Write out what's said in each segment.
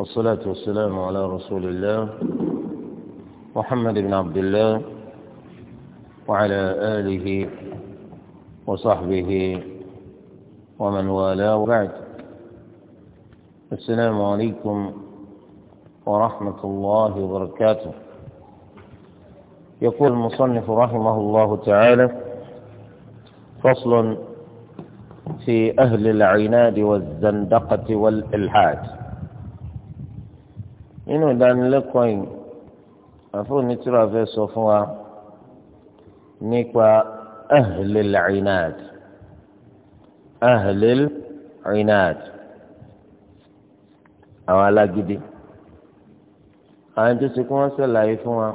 والصلاة والسلام على رسول الله محمد بن عبد الله وعلى آله وصحبه ومن والاه وبعد السلام عليكم ورحمة الله وبركاته يقول المصنف رحمه الله تعالى فصل في أهل العناد والزندقة والإلحاد nínú ìdánilẹ́kọ̀ọ́ yìí àfọwọ́ nítorá fẹ́ sọ fún wa nípa ahlil inad ahlil inad àwọn alágídí àwọn tó ṣe kí wọ́n ṣàlàyé fún wa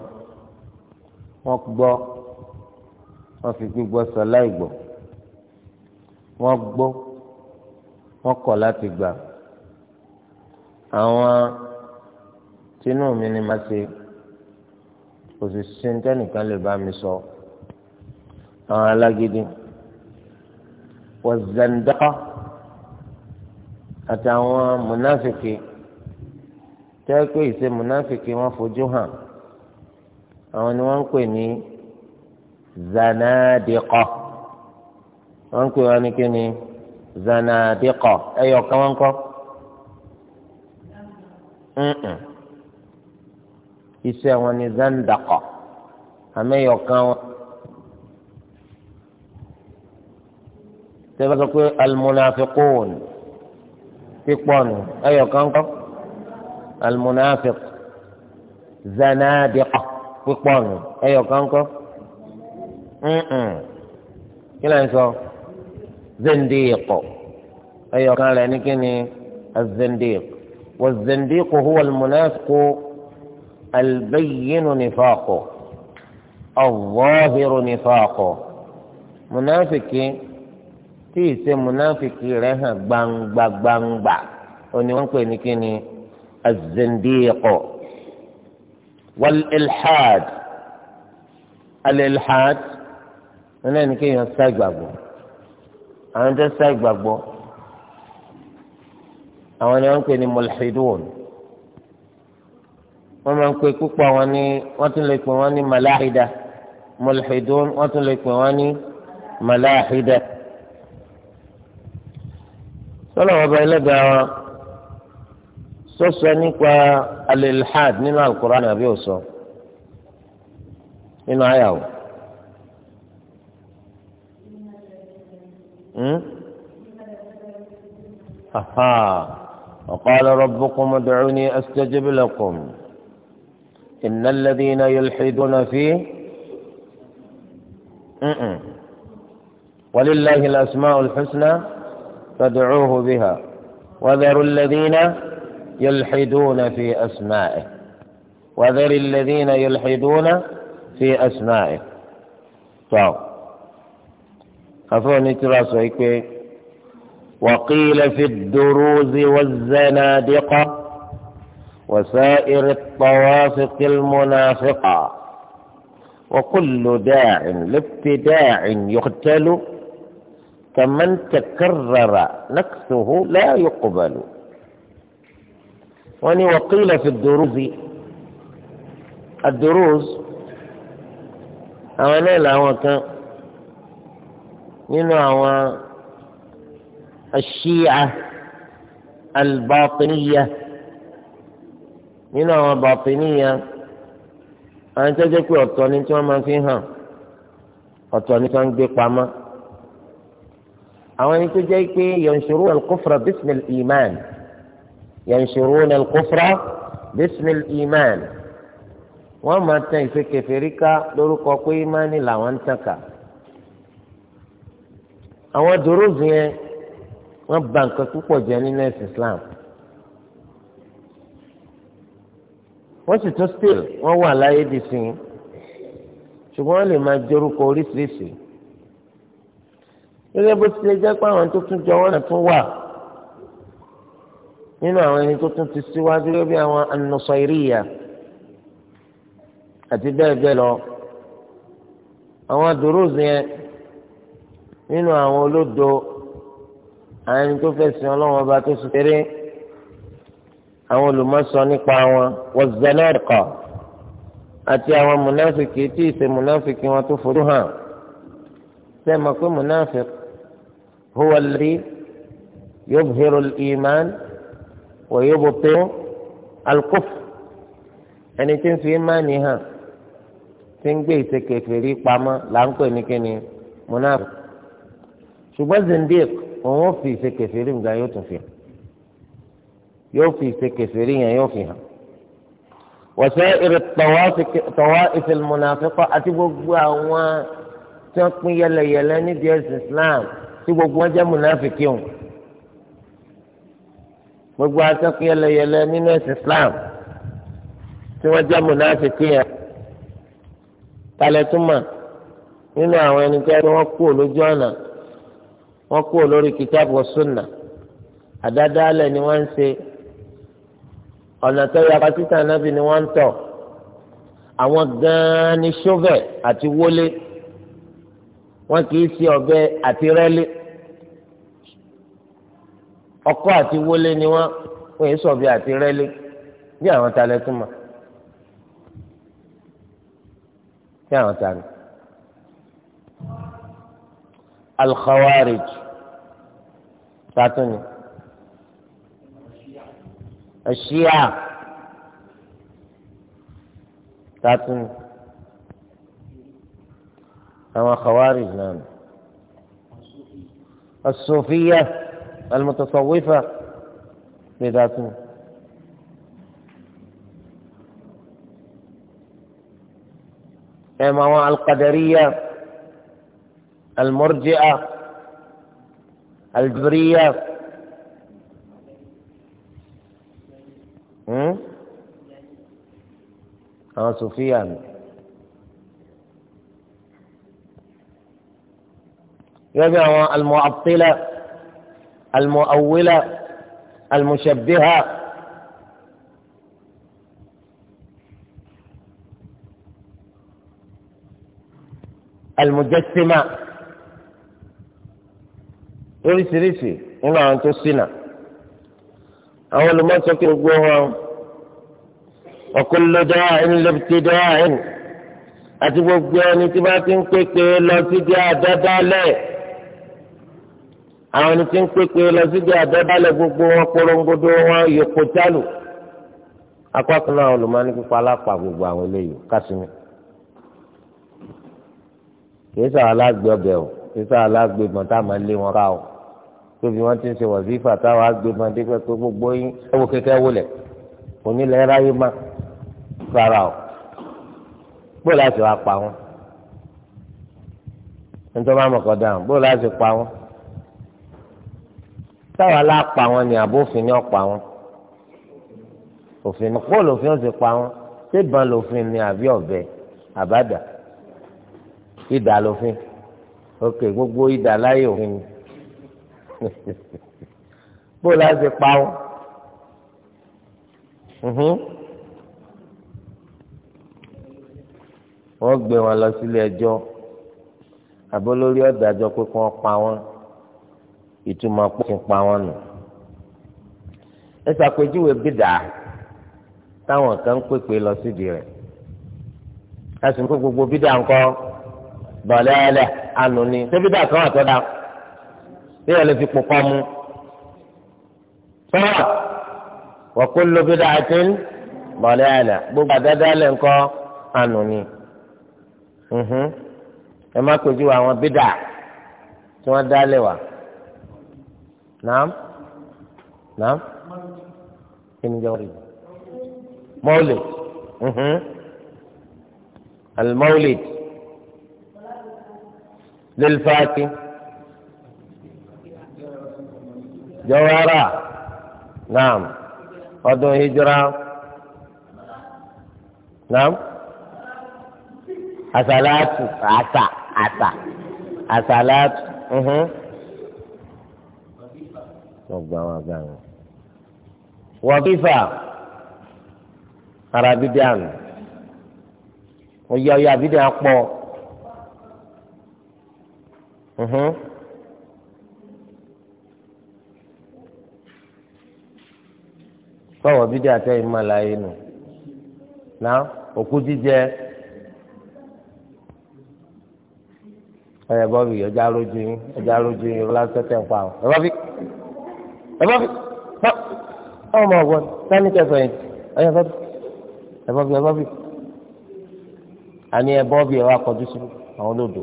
wọ́n gbọ́ wọ́n fi gbígbọ́ sọ láìgbọ́ wọ́n gbọ́ wọ́n kọ̀ láti gbà àwọn tinú mi ni màá ṣe kò sì sí nítẹ́nìkan lè bá mi sọ àwọn alágídí wàzàndáà àtàwọn mùnáfìkì tẹ́ pé ìṣe mùnáfìkì wọn fojú hàn àwọn ni wọ́n ń pè ní zanadiqa wọ́n ń pè wọ́n ní kí ni ẹ̀yọ̀ kan wọ́n kọ́. iṣẹ́ wọn ni zandaqa àmẹ́yọ̀kan wọn. tẹ́lẹ̀ sọ pé almunafiqun pípọ̀ nù ẹ̀yọ̀kan kọ́ almunafiq zanadiqa pípọ̀ nù ẹ̀yọ̀kan kọ́ kí lẹ́yìn sọ zindiqo ẹ̀yọ̀kan rẹ̀ ní kí ni azindiq wọ́n zindiqo huwa almunafiq. البين نفاقه الظاهر نفاقه منافق في سم منافق رها بان بان بان بان ونقول الزنديق والإلحاد الإلحاد هنا نكين يستجبب أنت تستجبب أو أنا ممكن ملحدون wọ́n máa ń pe púpọ̀ wọn ní wọ́n tún lè pè wọ́n ní màláhídà mulhidun wọ́n tún lè pè wọ́n ní màláhídà. sọ́lọ́ wọn bá ẹlẹ́gbẹ̀ẹ́ wọn sọ́sọ́ nípa alilhad nínú alukóra nàbí òsọ nínú àyàwó. أها وقال ربكم ادعوني أستجب لكم إن الذين يلحدون في ولله الأسماء الحسنى فادعوه بها وذروا الذين يلحدون في أسمائه وذر الذين يلحدون في أسمائه طاو خفوني ترى وقيل في الدروز والزنادقة وسائر الطوافق المنافقة وكل داع لابتداع يقتل كمن تكرر نكسه لا يقبل وني وقيل في الدروز الدروز أولا لا وكان من الشيعة الباطنية nínú àwọn bàtíníyà àwọn tó jẹ́ pé ọ̀tọ̀ ni tí wọ́n máa fi hàn ọ̀tọ̀ ni tí wọ́n ń gbé pamọ́ àwọn ẹni tó jẹ́ pé yanṣuruna al-kufra bismil iman yanṣuruna al-kufra bismil iman wọ́n máa tàn ìfẹ́ lórúkọ pé imani làwọn ń tàn àwọn dòrózù yẹn wọ́n bà nǹkan púpọ̀ jẹ́ nínú ẹ̀sìn Islam. wọ́n sì tún still wọ́n wà láyé di sí i ṣùgbọ́n wọ́n lè máa jorúkọ oríṣiríṣi gẹ́gẹ́ bó tilẹ̀ jẹ́ pé àwọn tó tún jọ wọ́n tún wà nínú àwọn ẹni tó tún ti síwájú gẹ́gẹ́ bí àwọn anusayiriya àti bẹ́ẹ̀ bẹ́ẹ̀ lọ àwọn durus yẹn nínú àwọn olódo àwọn ẹni tó fẹ̀sìn Ọlọ́run ọba tó sùn kéré àwọn olùmọ̀sọ nípa wọn wọ́n zanẹ́ẹ̀kọ́ àti àwọn mùnáfìkì tí ìṣe mùnáfìkì wọn tó fojú hàn sẹ́mi pé mùnáfìkì huwa lè yóbhìrò ìmán wọ́n yóbò pé alkuf ẹni tí ń fi ìmánì hàn tí ń gbé ìṣe kèfèrí pamọ́ là ní kíni mùnáfìkì ṣùgbọ́n zindiq òun ò fi ìṣe kèfèrí nǹkan yóò tún fi hàn yóò fi ìsekèsè rí yẹn yóò fi hàn wọ́sẹ̀ ìrè tọ́wọ́ ìfẹ̀lmùnàfẹ́kọ́ àti gbogbo àwọn tí wọ́n pín yẹlẹyẹlẹ níbi ẹ̀sìn Islam tí gbogbo wọn jẹ́ mùnàfẹ́kì hàn gbogbo àti pín yẹlẹyẹlẹ nínú ẹ̀sìn Islam tí wọ́n jẹ́ mùnàfẹ́kì hàn nínú àwọn ẹni tí wọ́n kú lójú ọ̀nà wọ́n kú lórí kìtàbù wa sunnah àdádáálẹ̀ wọ́n ń ṣe ọ̀nà tó yàrá títà nábì ni wọ́n ń tọ̀ àwọn gan-an ni ṣọ́fẹ̀ àti wọlé wọn kì í ṣe ọ̀bẹ àti rẹ́lí ọkọ àti wọlé ni wọn wọn yìí sọ̀bẹ àti rẹ́lí bí àwọn ta lẹ túmọ̀ bí àwọn ta ni. alkhawarij tatuni. الشيعة تاتن أو خوارج نعم الصوفية المتصوفة بذاتهم كما القدرية المرجئة الجبرية ها سفيان يجع المعطلة المؤولة المشبهة المجسمة ريسي ريسي هنا أنتو السنة àwọn olùmọ̀sọ kí gbogbo wọn ọ̀kúnlẹ̀ dáhìn lẹ́pẹ̀tẹ̀ dáhìn àti gbogbo ẹni tí bá ti ń pèpè lọ síbi àdádálẹ̀ àwọn ẹni tí ń pèpè lọ síbi àdádálẹ̀ gbogbo wọn porongodo wọn yòókù jálù akọ́kùnrin àwọn olùmọ̀ọ́ni pípa alápá gbogbo àwọn eléyìí kásìmí kìí sáà alágbèbẹ̀ o kìí sáà alágbèbọ̀n tá máa lé wọn ká o tóbi wọn ti ń ṣe wàzífà táwọn agbébọn dípẹ́ pé gbogbo yín ẹwọ kẹkẹ wọlé onílẹ̀ ráyé má fara o bó láti wá pa wọn nítorí wọn mọ̀kọ́ dáhùn bó láti pa wọn táwọn alápa wọn ni àbófin ni ọ̀pa wọn òfin kó lòfin ó ti pa wọn ṣébọn lòfin ni àbí ọ̀bẹ àbádà ìdà lòfin ok gbogbo ìdà láyé òfin ni. bó la ṣe pa ó wọ́n gbé wọn lọ sílé ẹjọ́ àbó lórí ọ̀dàjọ́ pé kí wọ́n pa wọ́n ìtumọ̀ pé kí wọ́n pa wọ́n nù. ẹ ṣàpèjúwe bídà táwọn kan ń pèpè lọ sídìí rẹ̀ ẹ sì ń pè gbogbo bídà ńkọ́ bọ̀lẹ́ẹ̀lẹ̀ ànú ni ṣé bídà kan àtọ́dá téèyàn lè fi pupa mu sọ́wọ́ wa kullu bid'atin dalalah gbogbo àdáda lẹ̀ ńkọ́ ànú ni ẹ má pèjú àwọn bídà tí wọ́n dá lẹ̀ wá nàám nàám kí ni jẹ́wọ́ rí mọ́ọ̀lì al-mawlid lil jọwara naam ọdún hijira naam asalatu asa asa asalatu uhun wọn gba wọn gba wọn wọbífà ara bídíàn oyè oyè abídíàn pọ. fọwọ́ bídí àtẹ̀yìn máa láyé nù ná òkú jíjẹ ẹ̀yẹ bọ́bí ọjà lójú yín ọjà lójú yín lásẹ̀tẹ̀ pa ọ́ ẹ̀ bọ́bí ẹ̀ bọ́bí ọmọ ọgbọ́n sani kẹfẹ́ yìí ẹ̀yẹ bọ́bí ẹ̀ bọ́bí ẹ̀ bọ́bí àní ẹ̀ bọ́bí ẹ̀ wá kọjú sí àwọn olódò.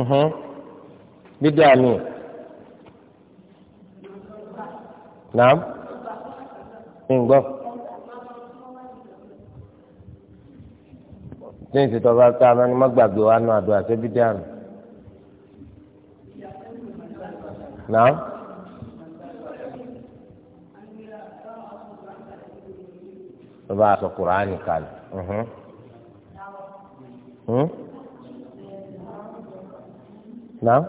Mm-hmm bídíà mi nàám ní gbọ́ tí n sì tọ́ba tá a máa ní má gbàgbé wa nù àdúrà sí bídíà mi nàám. Bàbá aṣọ Kùránì kalẹ̀. Uh-huh. Hmm? Now?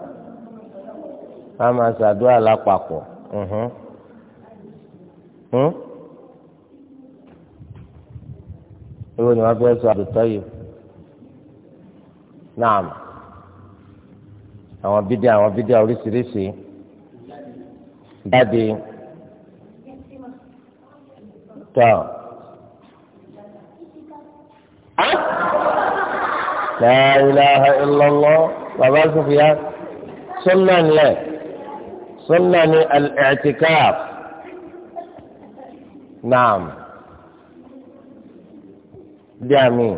ká máa ṣàdúrà lápapọ̀ ewu ni wọn fẹ́ sọ àdùtọ yìí náà àwọn bídíà àwọn bídíà oríṣiríṣi jáde tọ na ilaha illallah bàbá sọfìyà sọlá sunna ni al-i'tikaf naam bí àmì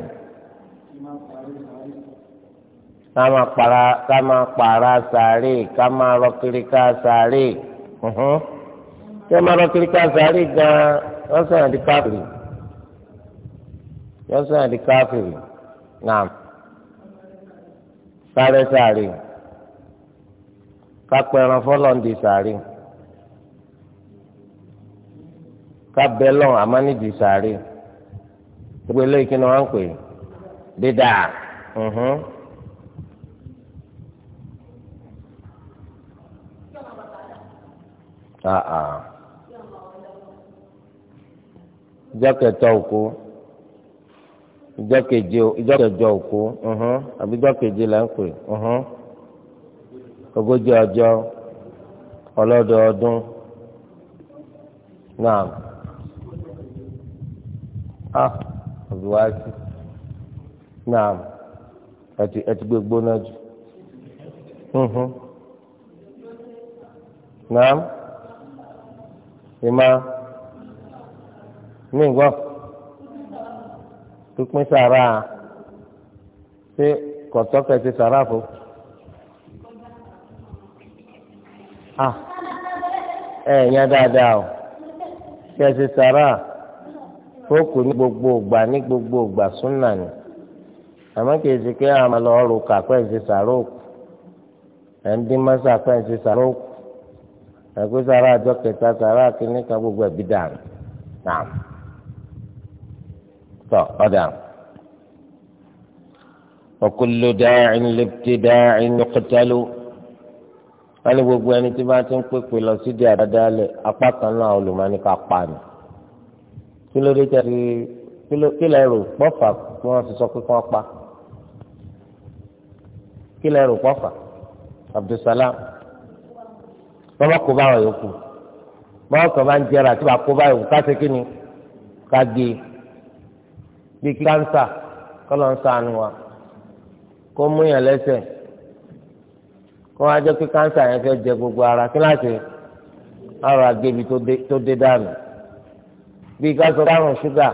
ká máa para ká máa para sàárè ká máa rọ kiri ká sàárè ká máa rọ kiri ká sàárè gan-an sàn àdí káfìrì wọ́n sàn àdí káfìrì naam sáré sàárè. kápẹ́ ẹran fọlọ́ǹdì sàárì kábẹ́ lọ́n àmánìdì sàárì gbogbo eléyìí kí ni wọ́n ń pè dídà jọ́kẹ̀tọ̀ òkú ìjọ́kẹ̀jọ òkú àbí jọ́kẹ̀jẹ là ń ogójì ọjọ́ ọlọ́dọọdún náà a ah, ọ̀dùwàsí náà ẹtì ẹtì gbogbo náà jù náà ìmá mí gbọ́ pípín sàrà ṣé kọ̀tọ́kẹ́ ti sàrà fún. à ẹ yẹn dáadáa o ṣẹṣẹ sàrà fóòkù ní gbogbo ògbà ní gbogbo ògbà súnà ni àmọ́ kì í ṣe pé àwọn lọ rò kà pẹ́ ṣe sàrà ẹ̀ ń dín mọ́sà pẹ́ ṣe àjọ kẹta kìíní kan gbogbo ẹ̀bí dànù wọn ní gbogbo ẹni tí bá ti ń pèpè lọ sídi àdádálẹ̀ apá kan náà olùmọ́ni ká pa ni kí ló dé tẹ fi kí lẹ rò pọ́fà kí wọ́n ti sọ pé kí wọ́n pa kí lẹ rò pọ́fà Abdulsalam bọ́bá kó báwọn yòókù bọ́bá kó bá ń jẹrà tí wàá kó báwọn yòókù ká ṣe kí ni ká gé e. bí kánsà kọ́ ló ń wa kó mú yàn lẹ́sẹ̀ kó wá jẹ́ pé kánsà yẹn fẹ́ jẹ gbogbo ara kíláàsì ara gébi tó dé dànù bí káṣọ àrùn ṣúgà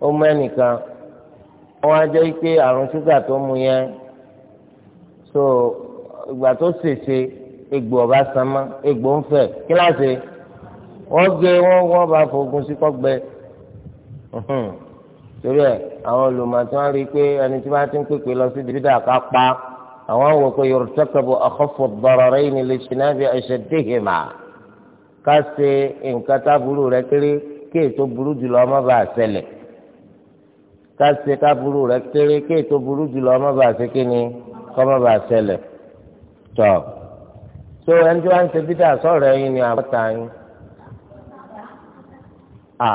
ó mọ ẹnìkan wọ́n á jẹ́ pé àrùn ṣúgà tó mu yẹn so ìgbà tó ṣèṣe egbò ọba sanmọ egbò ń fẹ̀ kíláàsì wọ́n gé wọ́n wọ́n bá fògùn sí kọ́gbẹ́ torí ẹ̀ àwọn olùmọ̀tán rí i pé ẹni tí wọ́n ti ń pèpè lọ sí dídà ká pa á àwọn àwọn kò yorùtẹ́kẹ̀bù àkọ́fọ̀ bọ̀rọ̀rẹ́ yìí lè ṣe náà bí ẹ̀ṣẹ̀ déhìmà ká ṣe nǹkan tá burú rẹ̀ kéré kí ètò burú jùlọ ọmọ bá ṣẹlẹ̀ ká ṣe ká burú rẹ̀ kéré kí ètò burú jùlọ ọmọ bá ṣe kí ni kọ́mọ bá ṣẹlẹ̀ tọ́ so ẹni tí wọ́n ń ṣe bídà sọ̀rọ̀ ẹ̀yin ni àbọ̀tà yín à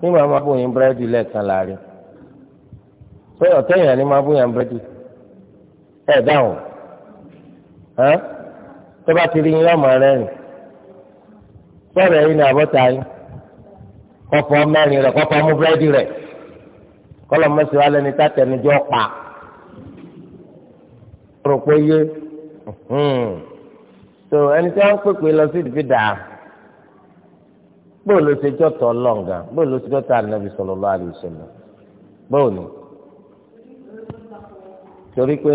ní màá má bóyin búrẹ́dì lẹ́ẹ̀kan láàrin so ọ̀tẹ̀yìn ni má bóyin búrẹ́dì ẹ dáhùn ẹ tó bá ti rí yín lọ́mọ rẹ rìn sọ̀rọ̀ ẹ̀yin ní àbọ̀tà yín kọ́fọ́ mẹ́rin rẹ̀ kọ́fọ́ mú búrẹ́dì rẹ̀ kọ́lọ́mọ́sí wa lẹ́ni tàtẹ̀nujọ́ pa rò pé yé hmm. so ẹni tí wọ́n ń pèpè lọ sí ìdìbí dàá bóòlù ṣe jọ́tọ̀ lọ́ǹgà bóòlù ṣe jọ́tọ̀ ànábì sallallahu alaihi wasallam bóòlù torí pé.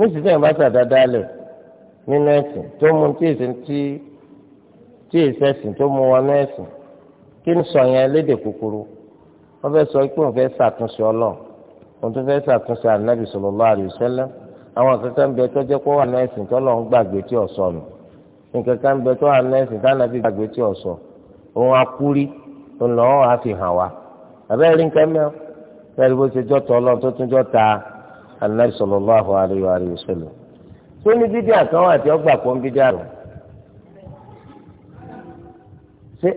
níṣìṣẹ́ yẹn bá sàdáadáa lẹ̀ nínú ẹ̀sìn tó mú tí èsìn tí tí èsìn ẹ̀sìn tó mú ẹ̀sìn kí sọ yẹn lédè kúkúrú wọ́n fẹ́ sọ pé òun fẹ́ ṣàtúnṣe ọlọ́run òun tó fẹ́ ṣàtúnṣe ànábì sallallahu alaihi wasallam àwọn kankan ń bẹ tó jẹ́ pé wà ní ẹ̀sìn tó lọ́n gbàgbé tí nù ń bẹ tó wà ní ẹ̀sìn wa àbẹ́rẹ́ fẹ́ẹ́ ṣe jọ́tọ̀ ọlọ́run tó tún anabi sallallahu alayhi wa alihi wa sallam tó ní bídí àkànwá àti ọgbà kan bídí àrùn ṣé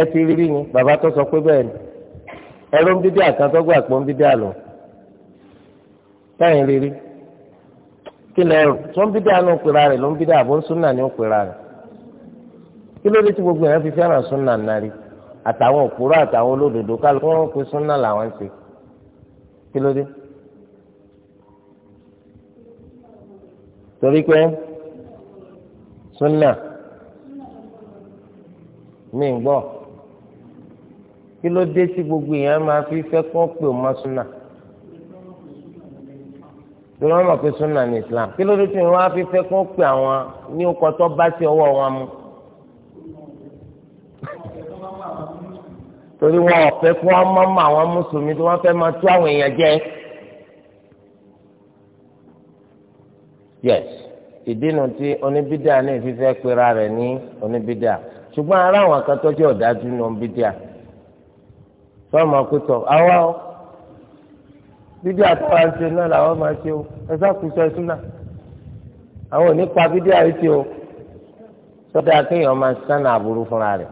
ẹ ti rí ni bàbá tó sọ pé bẹ́ẹ̀ ni ẹ̀rọ ń bídí àkàntọ́ gbà pọ̀ ń bídí àlọ́ táyìn rírí kí lẹ rò tó ń bídí àlọ́ ń pera rẹ̀ ló ń bídí àbọ̀ ń ní ń pera kí ló dé tí gbogbo yẹn fi fẹ́ràn súnà náà àtàwọn òpùrọ̀ àtàwọn olódodo kálukú wọn ń súnà làwọn ń ṣe kí ló dé. torí pé súnà mi ń gbọ́ kí ló dé tí gbogbo èèyàn máa fi fẹ́ kọ́ pé ó má súnà torí wọn mọ̀ pé súnà ní Islam kí ló dé tí wọn á fi fẹ́ kọ́ pé àwọn ní ọkọ tó bá sí ọwọ́ wọn mu. torí wọn ò fẹ́ kí wọ́n mọ́ mọ́ àwọn mùsùlùmí tí wọ́n fẹ́ máa tú àwọn èèyàn jẹ. yes ìdínú ti oníbídà ní ìfífẹ́ pera rẹ̀ ní oníbídà ṣùgbọ́n ara àwọn kan ọ̀dájú ní oníbídà sọ́ọ̀mù akutọ̀ àwa ọ bídíà tó wá ṣe náà làwọn máa ṣe o ẹ sákòóso ẹsùn náà àwọn ò ní yìí ṣe o sọdá kéèyàn máa sánà àbúrú fúnra rẹ̀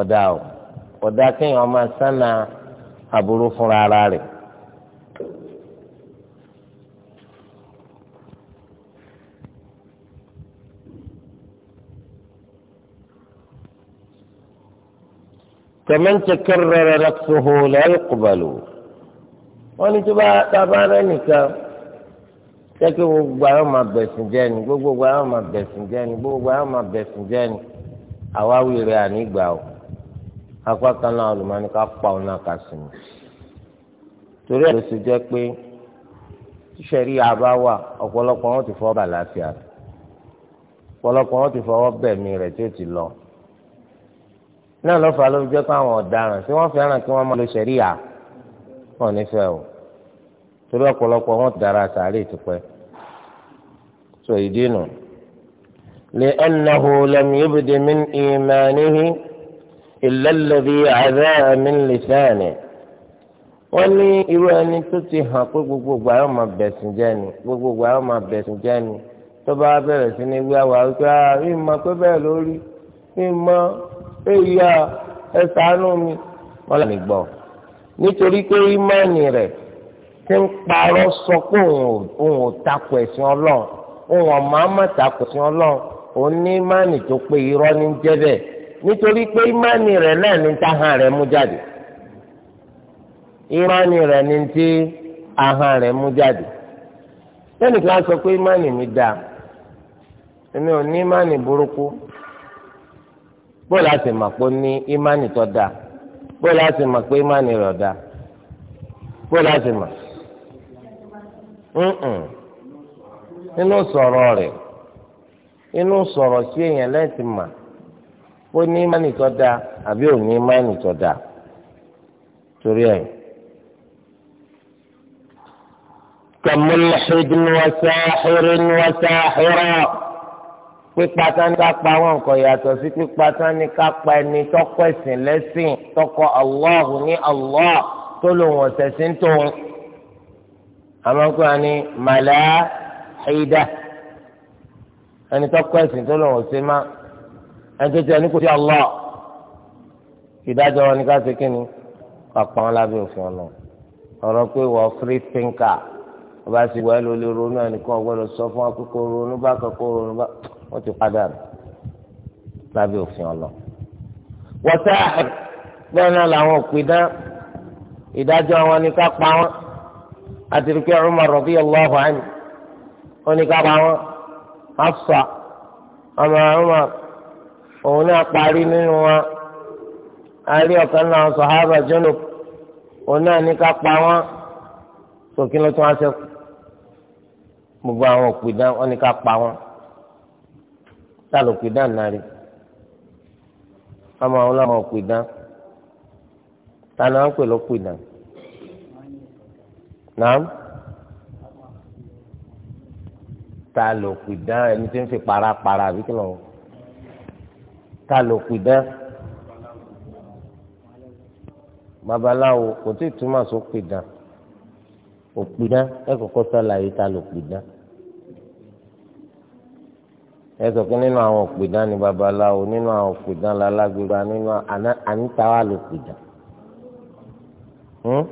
ọ̀dà ọ̀dà kéèyàn máa sánà àbúrú fúnra rẹ̀. فمن تكرر نقصه لا يقبل wọ́n ní tó bá dábàá rẹ nìkan jẹ́kí gbogbo àwọn máa bẹ̀sùn jẹ́ ni gbogbo àwọn máa bẹ̀sùn jẹ́ ni gbogbo àwọn máa bẹ̀sùn jẹ́ ni àwa wí rẹ̀ ànígbà o apá kan náà olùmọ̀ọ́ni ká pa òun náà ká sùn. torí ẹ̀ ló ṣe pé tíṣẹ̀rí àbá wà ọ̀pọ̀lọpọ̀ wọn ti fọwọ́ bà láfíà wọn ti fọwọ́ bẹ̀mí rẹ̀ tí ó ti lọ náà lọ́fà ló jẹ́ pé àwọn ọ̀daràn tí wọ́n fẹ́ràn kí wọ́n máa lo ṣẹ̀ríyà wọn nífẹ̀ẹ́ o torí ọ̀pọ̀lọpọ̀ wọn dára sàárè tipẹ́ so ìdí nù. لأنه لم يبد من إيمانه إلا الذي عذا من لسانه wọ́n ní irú ẹni tó ti hàn pé gbogbogbò àwọn máa bẹ̀sùn jẹ́ ni gbogbogbò àwọn máa bẹ̀sùn jẹ́ ni tó bá bẹ̀rẹ̀ sí ní wíwá eya ẹ ṣàánú mi wọn lànà gbọ́ nítorí pé ìmánì rẹ̀ ti ń parọ́ sọ pé òun ò takò ẹ̀sìn ọlọ́run òun ọ̀mọ́ àmọ́ takò ẹ̀sìn ọlọ́run òun ní ìmánì tó pé irọ́ ní jẹ́ nítorí pé ìmánì rẹ náà ní mú jáde ní mú jáde sọ pé mi èmi ò ní burúkú. bóyá láti mọ̀ pé ní ìmánì tó dáa bóyá láti mọ̀ pé ìmánì rẹ̀ dáa bóyá láti mọ̀ nínú sọ̀rọ̀ rẹ̀ inú sọ̀rọ̀ sí èèyàn lẹ́ẹ̀tì mà ó ní ìmánì tó dáa àbí ò ní ìmánì tó dáa torí ẹ̀. كملحد وساحر وساحرة pípa tání ká pa àwọn nǹkan yàtọ̀ sí pípa tání ká pa ẹni tọ́kọ ẹ̀sìn lẹ́sìn tọ́kọ Allahu ní Allah tó lòun ọ̀sẹ̀ sí ń tóun. àmọ́ kí wọ́n ní màlá ẹ̀yídà ẹni tọ́kọ ẹ̀sìn tó lòun ọ̀sẹ̀ má ẹni tó ti ẹni kò sí Allah ìdájọ́ wọn ni ká ṣe kí ni ká wọn lábẹ́ òfin ọ̀nà ọ̀rọ̀ pé wọ́n free thinker ọba sì wà ló lè ronú ẹnìkan ọgbọ́dọ̀ sọ fún akókò ronú bá kọ́kọ́ ronú bá wọ́n ti padà lábẹ́ òfin ọlọ. wọ́tá bẹ́ẹ̀ náà làwọn òpè dá ìdájọ́ wọn ní ká pa wọn àti rí pé Umar radiyallahu anhu ó ní ká pa wọn Hafsa ọmọ Umar òun náà parí nínú wọn àárí ọ̀kan náà sọ̀hábà Junub òun náà ní ká pa wọn sókè ló tún wá sẹ́kù gbogbo àwọn òpìdán wọn ni ká pa wọn tá ló pìdán náà rí ọmọ àwọn ọlọmọ òpìdán tá ni wọn pè ló pìdán náà tá ló pìdán ẹni tí ń fi parapara àbí kí lọ́wọ́ tá ló pìdán babaláwo kò tí ì túmọ̀ sópìdán òpìdán ẹ kọ́kọ́ sọ àlàyé tá ló pìdán ẹ sọ pé nínú àwọn òpìdán ni babaláwo nínú àwọn òpìdán lálágbèrè nínú àníta wà ló pìdán hmm?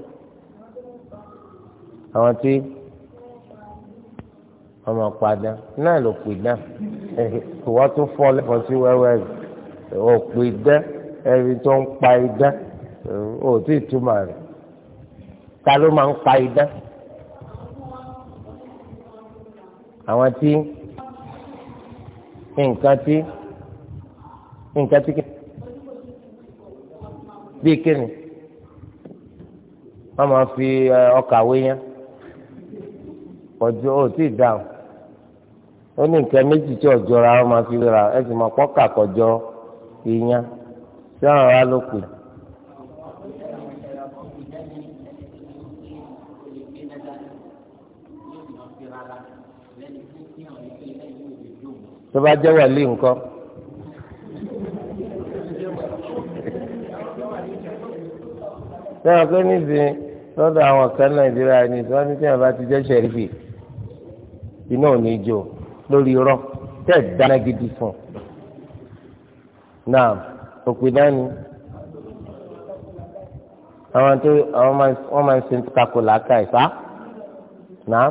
àwọn tí ọmọ padà náà ló pìdán ìwọ tún fọ lẹfọ sí wẹ́wẹ́ òpìdán ẹni tó ń pa idán ò tí ì túmọ̀ rẹ̀ ta ló máa ń pa idán àwọn tí. nǹkan tí nǹkan tí bíi kíni fi ọkà wé ya ò tí ì dáhùn ó ní nǹkan méjì tí fi wéra ẹ sì máa pọ́kà kọjọ ìyẹn tí àwọn ará ló tó bá jẹ́ wàlí nǹkan. sọ́wọ́n pé nísìnyí lọ́dọ̀ àwọn kan nàìjíríà ni tí wọ́n ní tí wọ́n bá ti jẹ́ sẹ́rífì iná ò ní jó lórí irọ́ tẹ̀ dáná gidi fún un. náà òpè dání àwọn tó àwọn wọ́n máa ń sin kakò làákà ìfá náà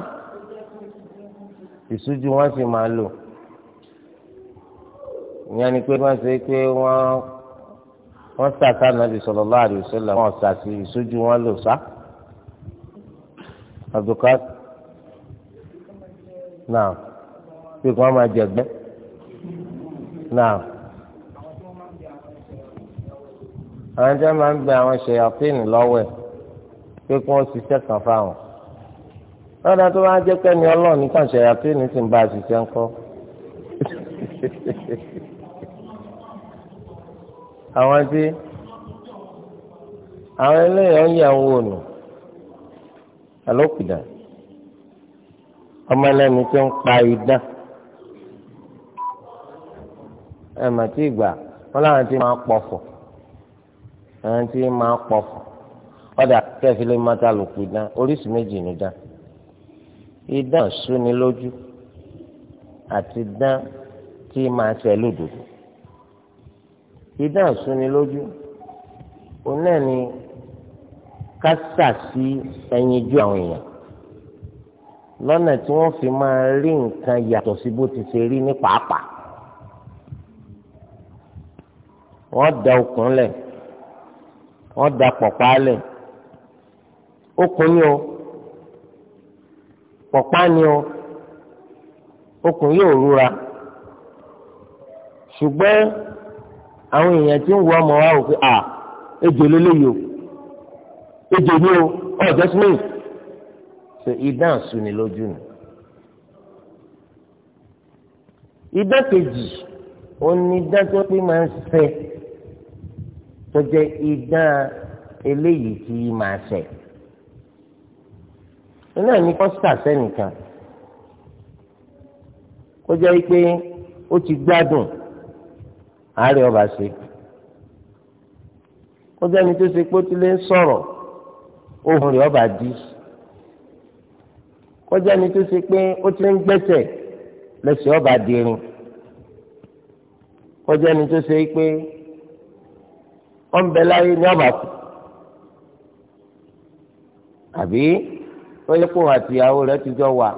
ìṣújú wọ́n sì máa lò ìyẹn ni pé wọ́n ṣe pé wọ́n wọ́n sàkà nàbì sallallahu alaihi wasallam wọ́n sàkì ìṣojú wọn lò sá. abdulkat náà pé kí wọ́n máa jẹ̀gbẹ́ náà. àwọn jẹ́ máa ń bẹ àwọn ṣèyàpínì lọ́wọ́ ẹ̀ pé kí wọ́n ṣiṣẹ́ kan fáwọn. lọ́dà tó bá jẹ́ pẹ́ni ọlọ́ọ̀ni kan ṣèyàpínì sì ń bá a ṣiṣẹ́ ńkọ́. àwọn tí àwọn eléyàn ń yà wò nù alókùdà ọmọ ẹlẹ́ni tí ń pa idán ẹ̀ mà tí ì gbà wọ́n láwọn tí máa pọ̀fọ̀ àwọn tí máa pọ̀fọ̀ ọ̀dà kẹfìlẹ̀ mọ́tà lòkù idán oríṣi méjì ní dán idán súnilójú àti dán tí máa ṣẹlú dòdò ìdán súnni lójú òun náà ni kásà sí ẹyin ju àwọn èèyàn lọ́nà tí wọ́n fi máa rí nǹkan yàtọ̀ sí bó ti ṣe rí ní pàápàá wọ́n da okùn lẹ̀ wọ́n da pọ̀pá lẹ̀ okùn ni o pọ̀pá ni o okùn yóò rúra ṣùgbọ́n àwọn èèyàn tí ń wọ ọmọ wa wò pé à ejò lélẹyìí o ejò ni o ọjọ smith so idán suni lójú nù idán kejì onídán tó pé máa ń ṣe tó jẹ idán eléyìí tí máa ṣe iná ní kọ́sítà sẹ́nìkan ó jẹ́ pé ó ti gbádùn àárẹ̀ ọba ṣe ó jẹ́ni tó ṣe pé ó ti lè sọ̀rọ̀ ohùn rẹ̀ ọba dí ó jẹ́ni tó ṣe pé ó ti ń gbẹ́sẹ̀ lẹ́sẹ̀ ọba dirin ó jẹ́ni tó ṣe pé ó ń bẹ láyé ní ọba kù àbí ó yẹ kó àtìyàwó rẹ̀ ti jọ wà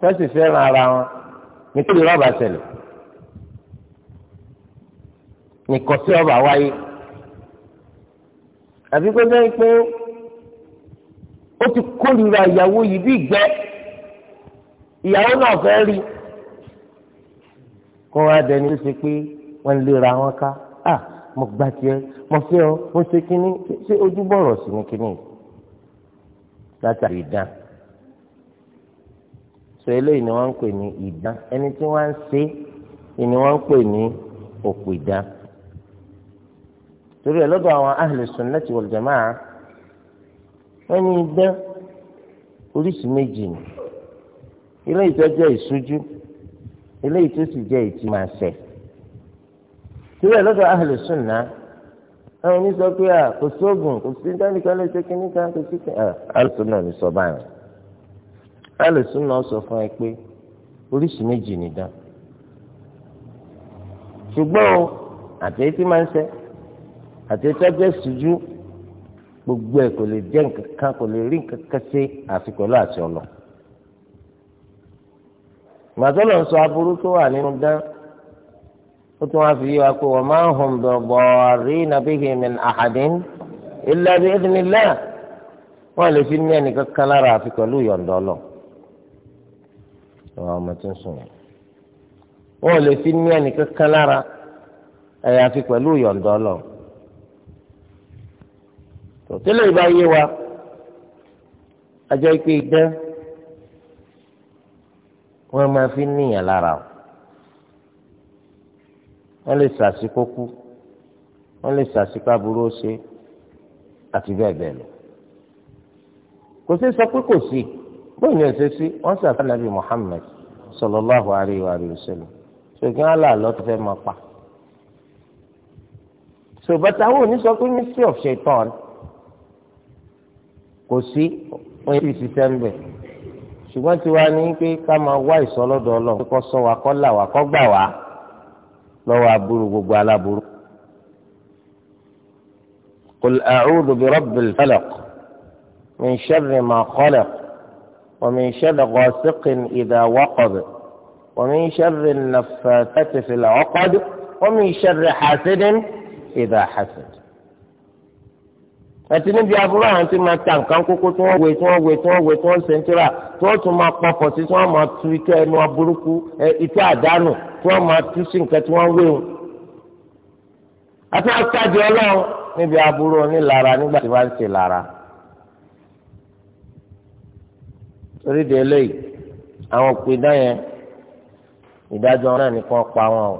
tẹ́sí fẹ́ràn ara wọn nítorí ọba ṣẹlẹ̀ nìkan tí ọba wáyé àbí pé bẹ́ẹ̀ pé ó ti kórìíra ìyàwó yìí bí ìgbẹ́ ìyàwó náà fẹ́ rí kó wá dẹni tó ṣe pé wọ́n léra wọn ká à mo gbà tiẹ̀ mo fẹ́ ọ mo ṣe kínní ṣé ojú bọ̀rọ̀ sí ni kínní látàrí ìdán sọ eléyìí ni wọ́n ń pè ní ìdán ẹni tí wọ́n ń ṣe ni wọ́n ń pè ní òpìdán. torí ẹ lọ́dọ̀ àwọn ahlu sunnati wal jamaa wọ́n ní idán oríṣi méjì ni eléyìí tó jẹ́ ìṣojú eléyìí tó sì jẹ́ ìtìmọ̀ọ́sẹ̀ torí ẹ lọ́dọ̀ na sunna àwọn oní sọ pé kò sóògùn kò sí dáníkan lè ṣe kínní kan kò sí kan ahlu sunna ní sọ méjì ṣùgbọ́n àtẹ̀yẹ́ máa àti tọ́jú ìṣújú gbogbo ẹ̀ kò lè jẹ́ nǹkan kan kò lè rí nǹkan kan ṣe àfi pẹ̀lú àti ọ̀nà. màtọ́lọ̀ ń sọ aburú tó wà nínú dán ó tún wá fi yí wa pé wọ́n máa ń hùn bọ̀bọ̀ rí nàbíhì min àhàdín illa bi idhnillah wọ́n lè fi ní ẹnìkan kan lára àfi pẹ̀lú ìyọ̀ǹdọ̀ lọ. àwọn ọmọ tó ń sùn wọ́n lè fi ní ẹnìkan kan lára àyàfi pẹ̀lú ìyọ̀ǹdọ̀ lọ tòtẹ́lẹ̀ ìbá yé wa ajá ikú idán wọ́n máa fi níyàn lára o wọ́n lè sàṣìkò kú wọ́n lè sàṣìkò aburú ṣe àti bẹ́ẹ̀ bẹ́ẹ̀ lọ kò sí sọ pé kò sí bóyá ní ẹsẹ sí wọ́n sàṣà nàbì Muhammad sallallahu alayhi wa sallam ṣùgbọ́n aláàlọ́ ti fẹ́ máa pa ṣùgbọ́n táwọn ò ní sọ pé mystery of shaitan kò sí wọn yìí ti sẹ́ ń bẹ̀ ṣùgbọ́n tiwa ní pé ká máa wá ìsọlọ́dọ̀ ọlọ́run kó sọ wa kó là wa kó gbà wá lọ́wọ́ aburú gbogbo aláburú. قل أعوذ برب الفلق من شر ما خلق ومن شر غاسق إذا وقب ومن شر النفاثات في العقد ومن شر حاسد إذا حسد àti níbi aburú àwọn tí máa ta nǹkan kókó tí wọ́n wé tí wọ́n wé tí wọ́n wé tí wọ́n sèǹtìrà tí wọ́n tún máa pọ̀pọ̀ sí tí wọ́n máa tu itọ́ ẹnu aburúkú itọ́ àdánù tí wọ́n máa tú sí nǹkan tí wọ́n wé wọn. àti wọ́n sáàdì ọlọ́run níbi aburú onílara nígbà tí wọ́n ṣe lára. torí de eléyìí àwọn òpìdá yẹn ìdájọ́ náà nìkan pa wọn o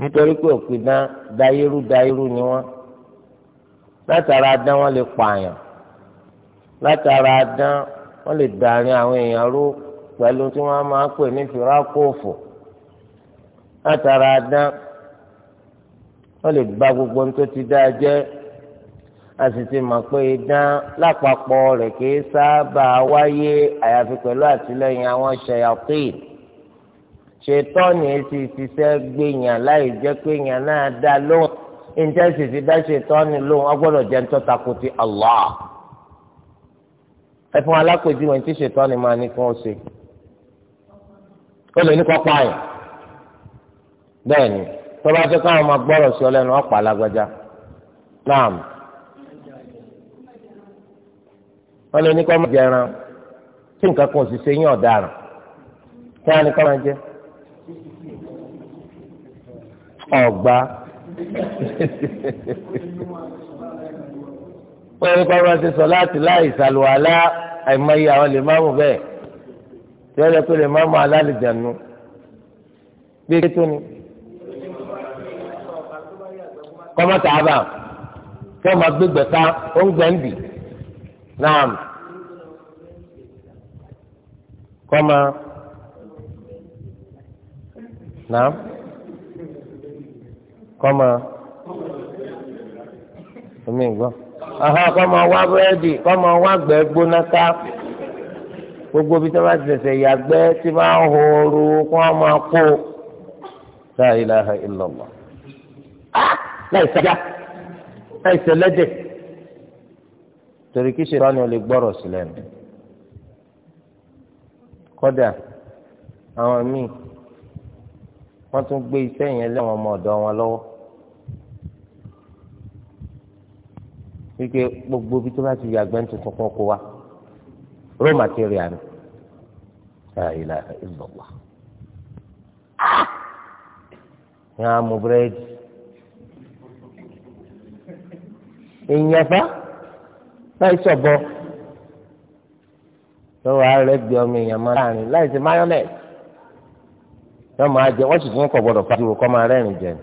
nítorí pé òpìdá dayérú dayérú ni wọ́n látara dán wọ́n lè pààyàn látara dán wọ́n lè dàrin àwọn èèyàn rú pẹ̀lú tí wọ́n máa ń pè ní fìrákòfò látara dán wọ́n lè ba gbogbo ohun tó ti dá jẹ́ a sì ti mọ̀ pé idán lápapọ̀ rẹ̀ kì í sábà wáyé àyàfi pẹ̀lú àtìlẹ́yìn àwọn ṣẹ̀yàpín ṣètọ́ni èsì ìṣiṣẹ́ gbèyàn láì jẹ́ pé èèyàn náà dá lóhùn. njẹ́ ṣèṣe dá ṣe tọ́ ni lóhùn ọgbọ́dọ̀ jẹ́ ntọ tako ti Allah ẹ fún alákòjúwe ní ti ṣètọ́ ni máa ní kí ó lè ní ni tó káwọn ọ lẹ́nu alágbájá naam wọ́n lè ní kọ́ máa jẹran tí nǹkan kan yín ọ̀daràn kí wọ́n ní kọ́ wọ́n yẹ kó àwọn ṣe sọ láti láì ṣàlùwàlá àìmọye àwọn lè máàmù bẹ́ẹ̀ tí wọ́n lè pé lè máàmù alálejànú bí kí ni kọ́mọ́tà àbá kí wọ́n máa gbégbẹ̀ ká ó ń gbẹ̀ǹdì náà kọ́mọ́ náà. kọ́mọ omi aha kọ́mọ wá búrẹ́dì kọ́mọ wá gbẹ́ gbóná ká gbogbo bí tí ti tẹ̀sẹ̀ yàgbẹ́ tí máa kó láì láì torí kí olè gbọ́rọ̀ sílẹ̀ nù kọ́dà àwọn míì wọ́n tún gbé iṣẹ́ yẹn lé àwọn wípé gbogbo bí tó bá ti yàgbẹ́ tuntun kan kó wa raw material ni la ilaha illallah yàn á mú búrẹ́dì ìyẹ̀fẹ́ láì sọ̀bọ lọ́wọ́ ààrẹ gbé ọmọ èèyàn máa láàrin láì sí mayonnaise yọ máa jẹ wọ́n sì tún kọ̀ gbọ́dọ̀ fàdúró kọ́ máa rẹ́rìn jẹ ni.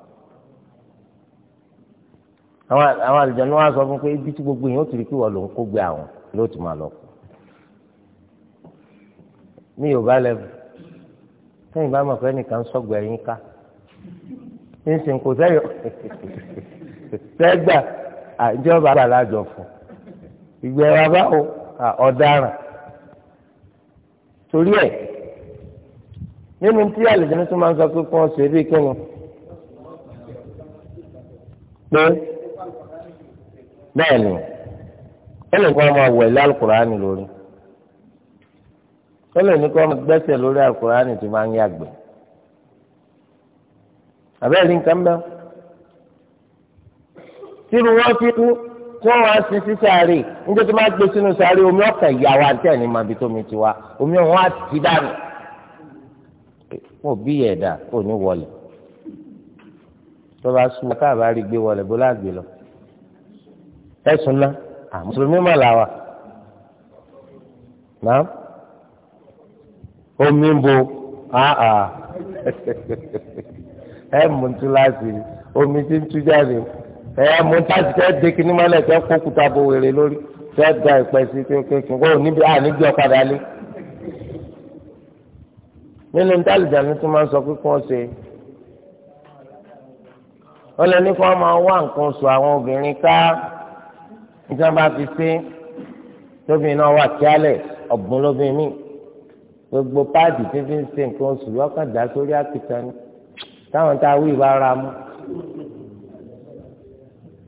àwọn àlùjànnú wa sọ fún pé ibi tí gbogbo yẹn ó ti rí pé wọ́n ló ń kó gbé àwọn ló ti máa lọ kù ní yorùbá lẹ́bù sẹ́yìn bá mọ̀ pé ẹnìkan sọ̀gbọ̀ ẹ̀yìn ká ń sìn kò sẹ́yọ̀ sẹ́gbà àjọba àbàlájọ fún ìgbẹ́ra báwo ọ̀daràn torí ẹ̀ nínú tí àlùjànnú tó máa ń sọ pé kí wọ́n ṣe bí kí wọ́n pé bẹ́ẹ̀ ni ẹnìkan máa wẹ̀ lé alukurani lórí ẹnìkan máa gbẹ́sẹ̀ lórí alukurani tó máa ń yàgbẹ́ àbẹ́ẹ̀lì nǹkan bẹ́ẹ̀ tírú wọn fi kú tí wọn wá sin sí sáré níjẹ́ tó máa gbé sínú sáré omi ọkàn ìyá wa tẹ̀ ní màbí tómi ti wá omi ọ̀hún á dànù wọn bí ẹ̀dá ò ní wọlé tó bá sùn wọn káàbá rí gbé wọlé bó láàgbé lọ ẹ̀sùn náà àmùsùlùmí mà làwà náà omi ń bo àà ẹ̀ mú tú láti omi tí ń tú jáde ẹ̀ mú táàtì tẹ́ dé kíní mọ́lẹ̀ tẹ́ kó kúta bo wèrè lórí tẹ́ da ìpẹ́ sí kékeré kó níbi àníbi ọ̀kadà lé nínú ntálìjà ni tí wọ́n sọ pé kí wọ́n ṣe wọ́n lè ní kí wọ́n máa wá nǹkan sọ àwọn obìnrin ká nígbà bá fi ṣe tóbìnrin náà wà kíálẹ̀ ọ̀gbun lóbìnrin mi gbogbo páàdì tí fi ń ṣe nǹkan oṣù lọ́kàn dá sórí àpìtàn ni táwọn tá a wí ìbá ra mú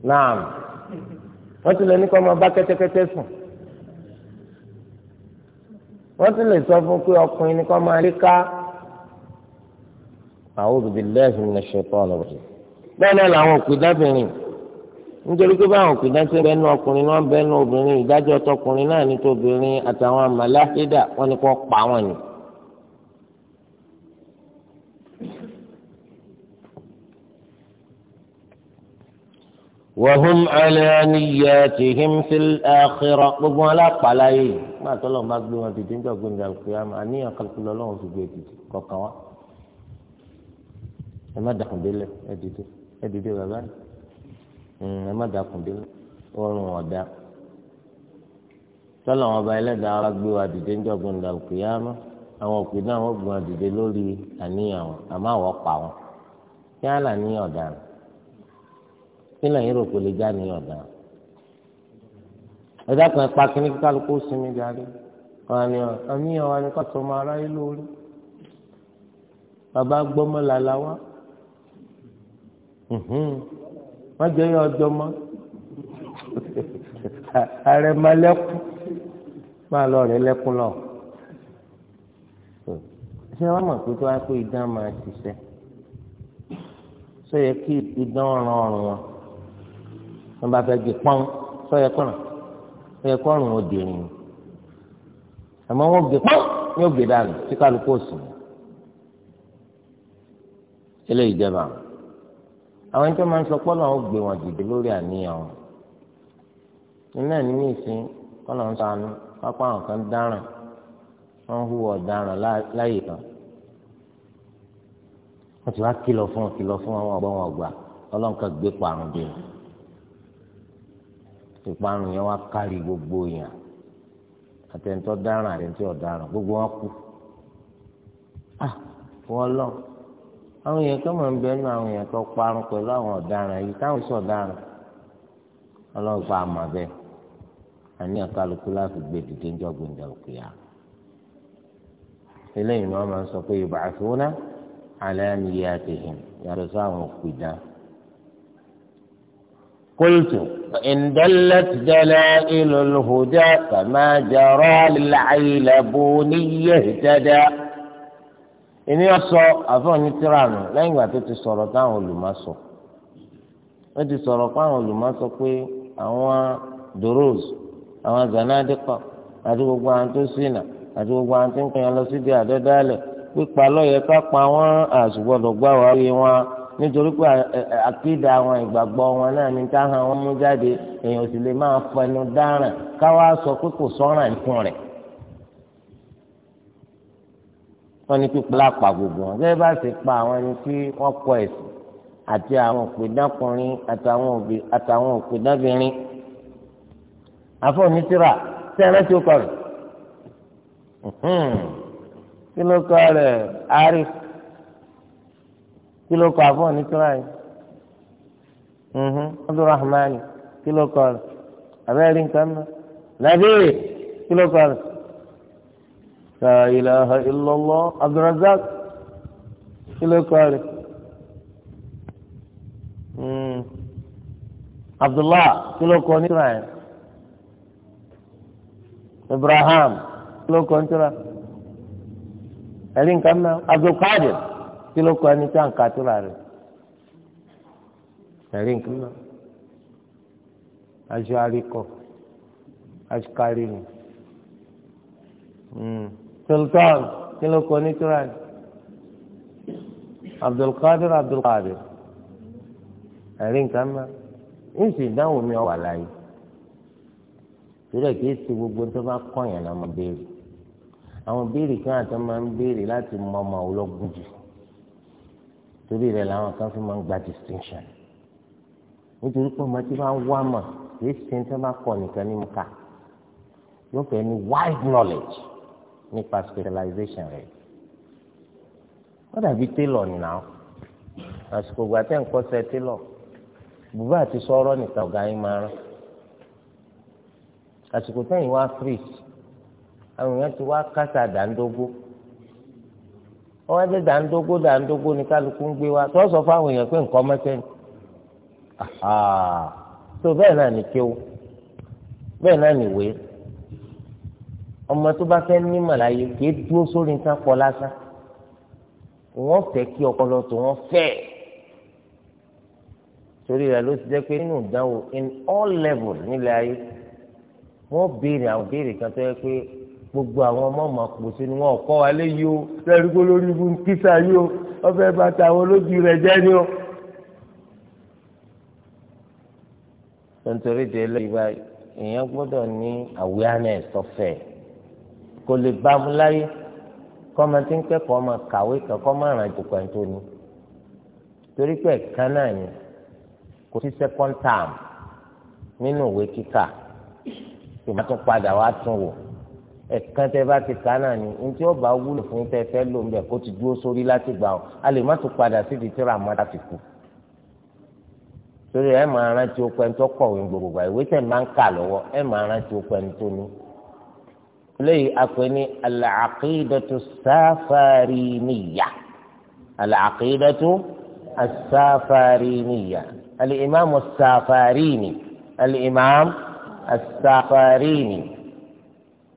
náà wọ́n ti lè ní kọ́ ọmọ bá kẹ́tẹ́kẹ́tẹ́ sùn wọ́n ti lè sọ fún pé ọkùnrin ní kọ́ máa lé ká a'udhu billahi minash shaitani rajim bẹ́ẹ̀ náà làwọn òkú dábìnrin nítorí pé báwọn òkè dáńtẹ́ bẹ́ẹ̀nu ọkùnrin náà bẹ́ẹ̀nu obìnrin ìdájọ́ tọkùnrin náà ní tóbìnrin àtàwọn màláhídà wọn ni kò pa wọn ni. wàhùn aláníyàtìhìm fil àkìrọ̀ gbogbo wọn yìí má tọ́lọ̀ má gbé wọn dìde nígbà gbé nígbà gbé àmọ́ àníyàn kálukúlọ̀ ọlọ́run fi gbé e dìde kọ̀ọ̀kan wa ẹ má dàkúndélẹ̀ ẹ dìde ẹ dìde bàbá yìí. Hmm, ẹ má dàkùn dé ọrùn ọ̀dà sọlọ wọn ọba ẹlẹ́dàá wa gbé wa dìde ńjọgbọn ìlà òkè yá mọ àwọn òkè náà wọn gbọn dìde lórí àníyàn wọn àmọ́ àwọn pa wọn kí á là ní ọ̀daràn kí lẹ́yìn rò pé lè já ní ọ̀daràn ẹ̀dá kan pa kí ní kálukú sinmi darí ọ̀nì àníyàn wa ni ká tó máa ráyé lórí bàbá gbọ́mọ́ làlá wa wọ́n jẹ́ yọ ọjọ́ mọ́ ààrẹ máa lẹ́kùn máa lọ rẹ̀ lẹ́kùn lọ. ṣé wọ́n mọ̀ pé tó wá pé idán máa ṣiṣẹ́ sọ́yẹ kí idán ọ̀ràn ọ̀rùn wọn wọ́n bá fẹ́ di pọ́n sọ́yẹ kọ́ràn sọ́yẹ kọ́rùn òdìrín àmọ́ wọ́n gbé pọ́n ní ògbé dànù tí kálukú òsùn eléyìí jẹba àwọn àwọn ẹni tó máa ń sọ pọ́lọ́ àwọn gbé wọn dìde lórí àníyàn wọn iná ní ní ìsín kọ́lọ́ ń sanu pápá àwọn kan dáràn wọ́n ń hùwà ọ̀daràn láyè kan wọ́n ti wá kìlọ̀ fún wọn kìlọ̀ fún wọn ọgbọ́n wọn gbà ọlọ́run kan gbé parun dé ìparun yẹn wá kárí gbogbo yẹn àtẹnitọ́ dáràn àtẹnitọ́ ọ̀daràn gbogbo wọn kú ah wọ́n lọ́ọ̀ àwọn èèyàn kan máa ń bẹ nínú àwọn èèyàn tó parun pẹ̀lú àwọn ọ̀daràn yìí táwọn sọ ọ̀daràn ọlọ́run pa àmọ́ bẹ́ẹ̀ àníyàn kálukú láti gbé dìde ń jọgbìn ìdàgbìyà eléyìí ni wọ́n máa ń sọ pé yorùbá àfiwọ́nà alẹ́ ni yẹ àtẹ̀yìn yàtọ̀ sáwọn òkú ìdá. قلت فإن دلت دلائل الهدى فما جرى للعيل بوني يهتدى èmi ọsọ àfọ̀n ní tíranù lẹ́yìn ìgbà tó ti sọ̀rọ̀ táwọn olùmọ̀sọ wọ́n ti sọ̀rọ̀ pé àwọn doros àwọn zanadikọ àti gbogbo àwọn tó ṣìnà àti gbogbo àwọn tó ń pèyàn lọ síbi àdọ́dálẹ̀ pípa lọ́yẹ ká pa wọ́n gbá wàá rí wọn nítorí pé àkídà àwọn ìgbàgbọ́ wọn náà ní táwọn wọn mú jáde èèyàn sì lè máa fẹnu dáràn káwá sọ pé kò wọ́n ní pípa lápá gbogbo wọn gẹ́gẹ́ bá ṣe pa àwọn ẹni tí wọ́n kọ ẹ̀sìn àti àwọn òpèdákùnrin àtàwọn òpèdábìnrin àfọ̀nìtìrà sẹ́rẹ́ tí ó kọ rẹ̀ kí ló kọ rẹ̀ àárín kí ló kọ àfọ̀nìtìrà yìí mm-hmm, abdulrahman kí ló kọ rẹ̀ abẹ́rẹ́ nǹkan náà nàbí kí ló kọ rẹ̀ la ilaha illallah abdulrasaq ilé kọ́rẹ́ hmm. abdullah kilo kọ́ nígbà yẹn ibrahim kilo kọ́ nígbà ẹ̀rí nǹkan mẹ́rin abdulkadir kilo kọ́ ní tí a ń ka tó la rẹ̀ ẹ̀rí nǹkan mẹ́rin aṣọ ni. Mm sultan kí ló kọ ní turan abdulkadir abdulkadir ẹ̀rí nǹkan mọ́ ń sì dáhùn mi ọ̀wà láyé torí ẹ̀ kì í ṣe gbogbo tó bá kọ̀yàn náà máa béèrè àwọn béèrè kan àti máa ń béèrè láti mọ ọmọ ológun jù torí rẹ̀ làwọn kan fi máa ń gba distinction nítorí pé ọmọ tí bá ń wá mọ̀ kì í ṣe tó bá kọ̀ nìkan ní mọ̀ká yóò fẹ́ ní wide knowledge. nípa sterilization rẹ̀ ó dàbí télọ̀ nìyà àsìkò ìgbà tẹ́ ń kọ́sẹ̀ télọ̀ bùbá àti sọ̀rọ̀ nìkan ọ̀gá yín máa rán àsìkò tẹ́yìn wá fridge àwọn èèyàn ti wá kásá dàńdógó wọ́n wá dé dàńdógó dàńdógó ní kálukú ń gbé wá tó sọ fáwọn èèyàn pé nǹkan ni tó ọmọ tó bá fẹ́ ní màláyé kì í dúró sórí nǹkan pọ̀ lásán wọ́n fẹ́ kí ọpọlọ tó wọ́n fẹ́ torí rẹ̀ ló ti jẹ́ pé nínú ìdánwò in all level nílẹ̀ ayé wọ́n béèrè àwọn béèrè kan tó yẹ pé gbogbo àwọn ọmọ ọmọ kò ni wọn kọ́ wa léyìí o lẹ́rìgbó lórí ibú kíta yìí o ọbẹ̀ bàtà àwọn olójú rẹ̀ jẹ́ ni o. nítorí délé ìgbà èèyàn gbọ́dọ̀ ní awareness tó kò lè bá mu láyé kọ́mọ tí ń kẹ́kọ̀ọ́ máa kàwé kẹ́kọ̀ọ́ máa ràn jùkọ̀ ẹ̀ tó ni torí pé ẹ̀ka náà yẹn kò sí second term nínú ìwé kíkà tó máa tún padà wá tún wò ẹ̀ka tẹ́ bá ti kà náà ni ní tí ó bá wúlò fún tẹ́ fẹ́ lò ń bẹ̀ kó ti dúró sórí láti gbà ọ́ a lè má tún padà sí ibi tí ra mọ́ láti kú torí ẹ̀ máa rántí ó pẹ́ ń tọ́kọ̀wé gbogbo ìwé tẹ̀ máa ń kà lọ́wọ́ ẹ̀ máa rántí ó pẹ́ ń léyìí àpè ní al-aqidatu as-safariniya al-aqidatu as-safariniya al-imam as-safarini al-imam as-safarini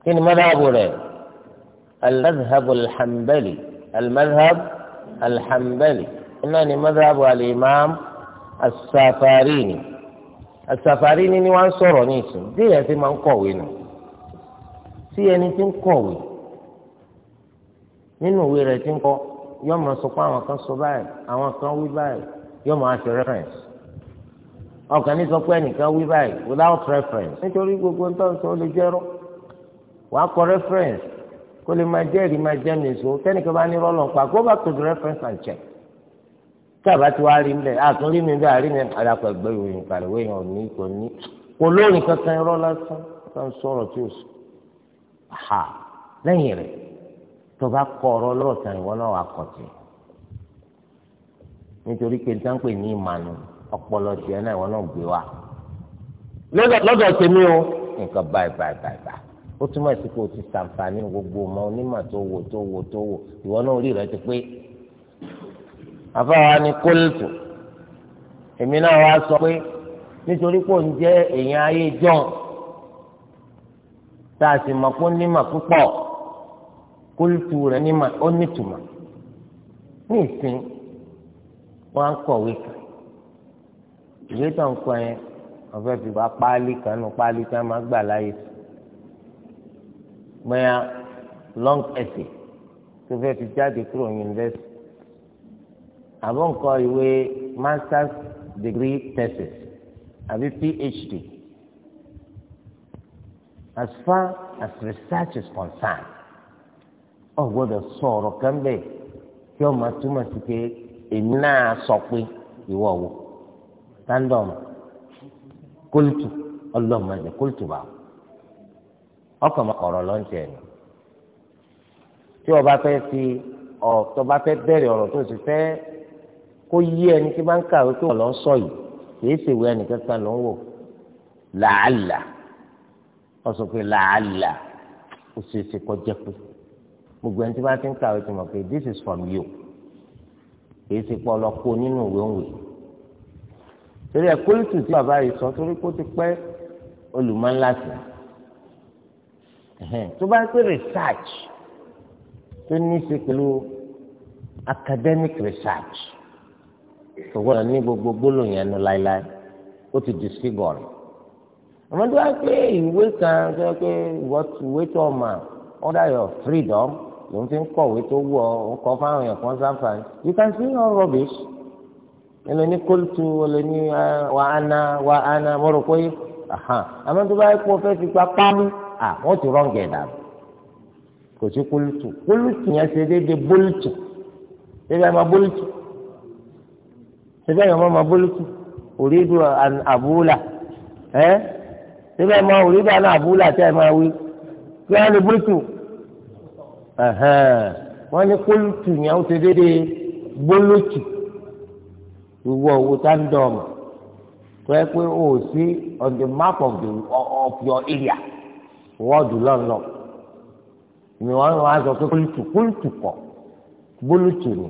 kí ni madhabu rẹ̀ al-madhhab al-hanbali al iná ni madhabu al-imam as ni wọ́n sọ̀rọ̀ ní ìsìn bí èèyàn máa ń kọ̀wé nù sí ẹni tí ń kọ̀wé nínú ìwé rẹ̀ tí ń kọ yóò máa sọ pé àwọn kan sọ báyìí àwọn kan wí báyìí yóò máa ṣe reference ọkàn ní sọ pé ẹnìkan wí báyìí without reference nítorí gbogbo ń tọ́ sọ ó lè jẹ́rọ wàá kọ reference kó lè máa jẹ́rìí máa jẹ́ nìṣó tẹ́nìkan bá ní rọ́lọ́ pa go back to the reference and check tábà tí wàá rí ń bẹ̀ àtún rí mi bẹ́ẹ̀ àrí mi àdàpọ̀ ẹgbẹ́ ìròyìn ìpàdé wẹ̀yìn òní kò ní kò lóòrìn kankan irọ́ lásán kan sọ̀rọ̀ tí ò sùn. ha lẹ́yìn rẹ̀ tó bá kọ ọ̀rọ̀ lọ́ọ̀tàn ìwọ náà wà kọ̀tì nítorí pé nítorí pé ní ìmànù ọpọlọ tiẹ̀ náà ìwọ náà gbé wa lọ́dọ̀ tèmi o nǹkan báyìí báyìí báyìí báyìí ó túmọ̀ sí pé o ti ṣàǹfààní gbogbo ọmọ onímọ̀ tó wò tó wò tó wò ìwọ náà orí rẹ ti pé àfáwa ni kólítù èmi náà wá sọ pé nítorí pé òun jẹ́ èèyàn ayé jọ́n. tá a sì mọ̀ pé ó nímọ̀ púpọ̀ kólítù rẹ̀ nímọ̀ ó nítumọ̀ ní ìsìn wọn á kọ̀wé kan ìwé tó ń kọ yẹn wọn fẹ́ fi bá páálí kan nù páálí tí wọn máa gbà láàyè gbẹ́yà long essay tó fẹ́ fi jáde kúrò yunifásitì àbọ̀ nǹkan ìwé masters degree thesis àbí phd as far as research is concerned ọ gbọ́dọ̀ sọ ọ̀rọ̀ kan bẹ́ẹ̀ kí ọmọ túmọ̀ sí pé èmi náà sọ pé ìwọ wò tándọ̀mù kóltù ọlọ́mọdé kóltù bá ọkọ̀ ọ̀rọ̀ lọ́njẹ̀ ni tí ọba fẹ́ fi ọ̀rọ̀ tó bá fẹ́ bẹ̀rẹ̀ ọ̀rọ̀ tó sì fẹ́ kó yí ẹni tí bá ń kàwé tó lọ́ sọ yìí kì í ṣèwé ẹnìkan kan ló ń wò làálàá wọ́n sọ pé làálàá ó ṣe é ṣe kọjá pé gbogbo ẹni tí wọ́n ti ń kàwé ti mọ̀ pé this is from you kìí ṣe pọ̀ lọ kó nínú ìwé òǹwé torí ẹ̀ kólítù tí bàbá yìí sọ torí kó ti pẹ́ olùmọ̀láṣẹ tó bá ń pè research tó ní í ṣe pẹ̀lú academic research kò gbọ́dọ̀ ní gbogbo gbólóyìn ẹnu láéláé ó ti disfigure rẹ̀ àmọ́ tó wá pé ìwé kan tó yẹ pé ìwé tó ọmọ order your freedom ló ń fi ń kọ̀wé tó wù ọ́ ń fáwọn èèyàn kan sáfàá you can see all rubbish ẹnu ní kóòtù ẹnu ní wà á na wà á na mo rò pé àmọ́ tó bá yẹ kó fẹ́ fi gba pámú à wọ́n ti rọ́ǹgẹ̀ dàrú kò sí kóòtù kóòtù yẹn ṣe déédéé bóòtù ṣébí ẹ máa bóòtù ṣébí ẹ máa bóòtù òrí ìdúrà àbúlà ẹ́ síbẹ̀ máa wò nígbà náà àbúlé àti ẹ̀ máa wí kí wọ́n ní búrúkú wọ́n ní kólútù yẹn ó ti dédé gbólótù ìwọ owó tándọ̀mù tó yẹ pé o sí on the map of the of your area wọ́ọ̀dù lọ́nlọ́ ni wọ́n wá sọ pé kólútù kólútù kọ̀ gbólótù ni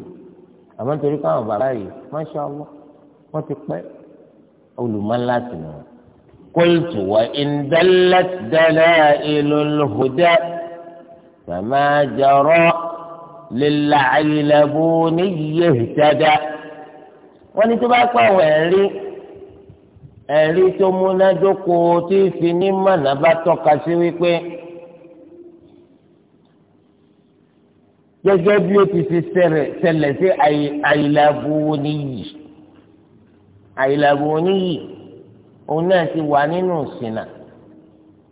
àmọ́ nítorí káwọn bàbá yìí máṣá Allah wọ́n ti pẹ́ olùmọ́lá tì wọ́n. قلت وإن دلت دلائل الهدى فما جرى للعلبوني اهتدى wọ́n ní tó bá pa àwọn ẹ̀rí ẹ̀rí tó múnádóko tí fi ní bá tọ́ka sí wípé gẹ́gẹ́ bí ó ti ṣe ṣẹlẹ̀ sí àyìnlàbùnìyì àyìnlàbùnìyì òun náà ti wà nínú ìsìnà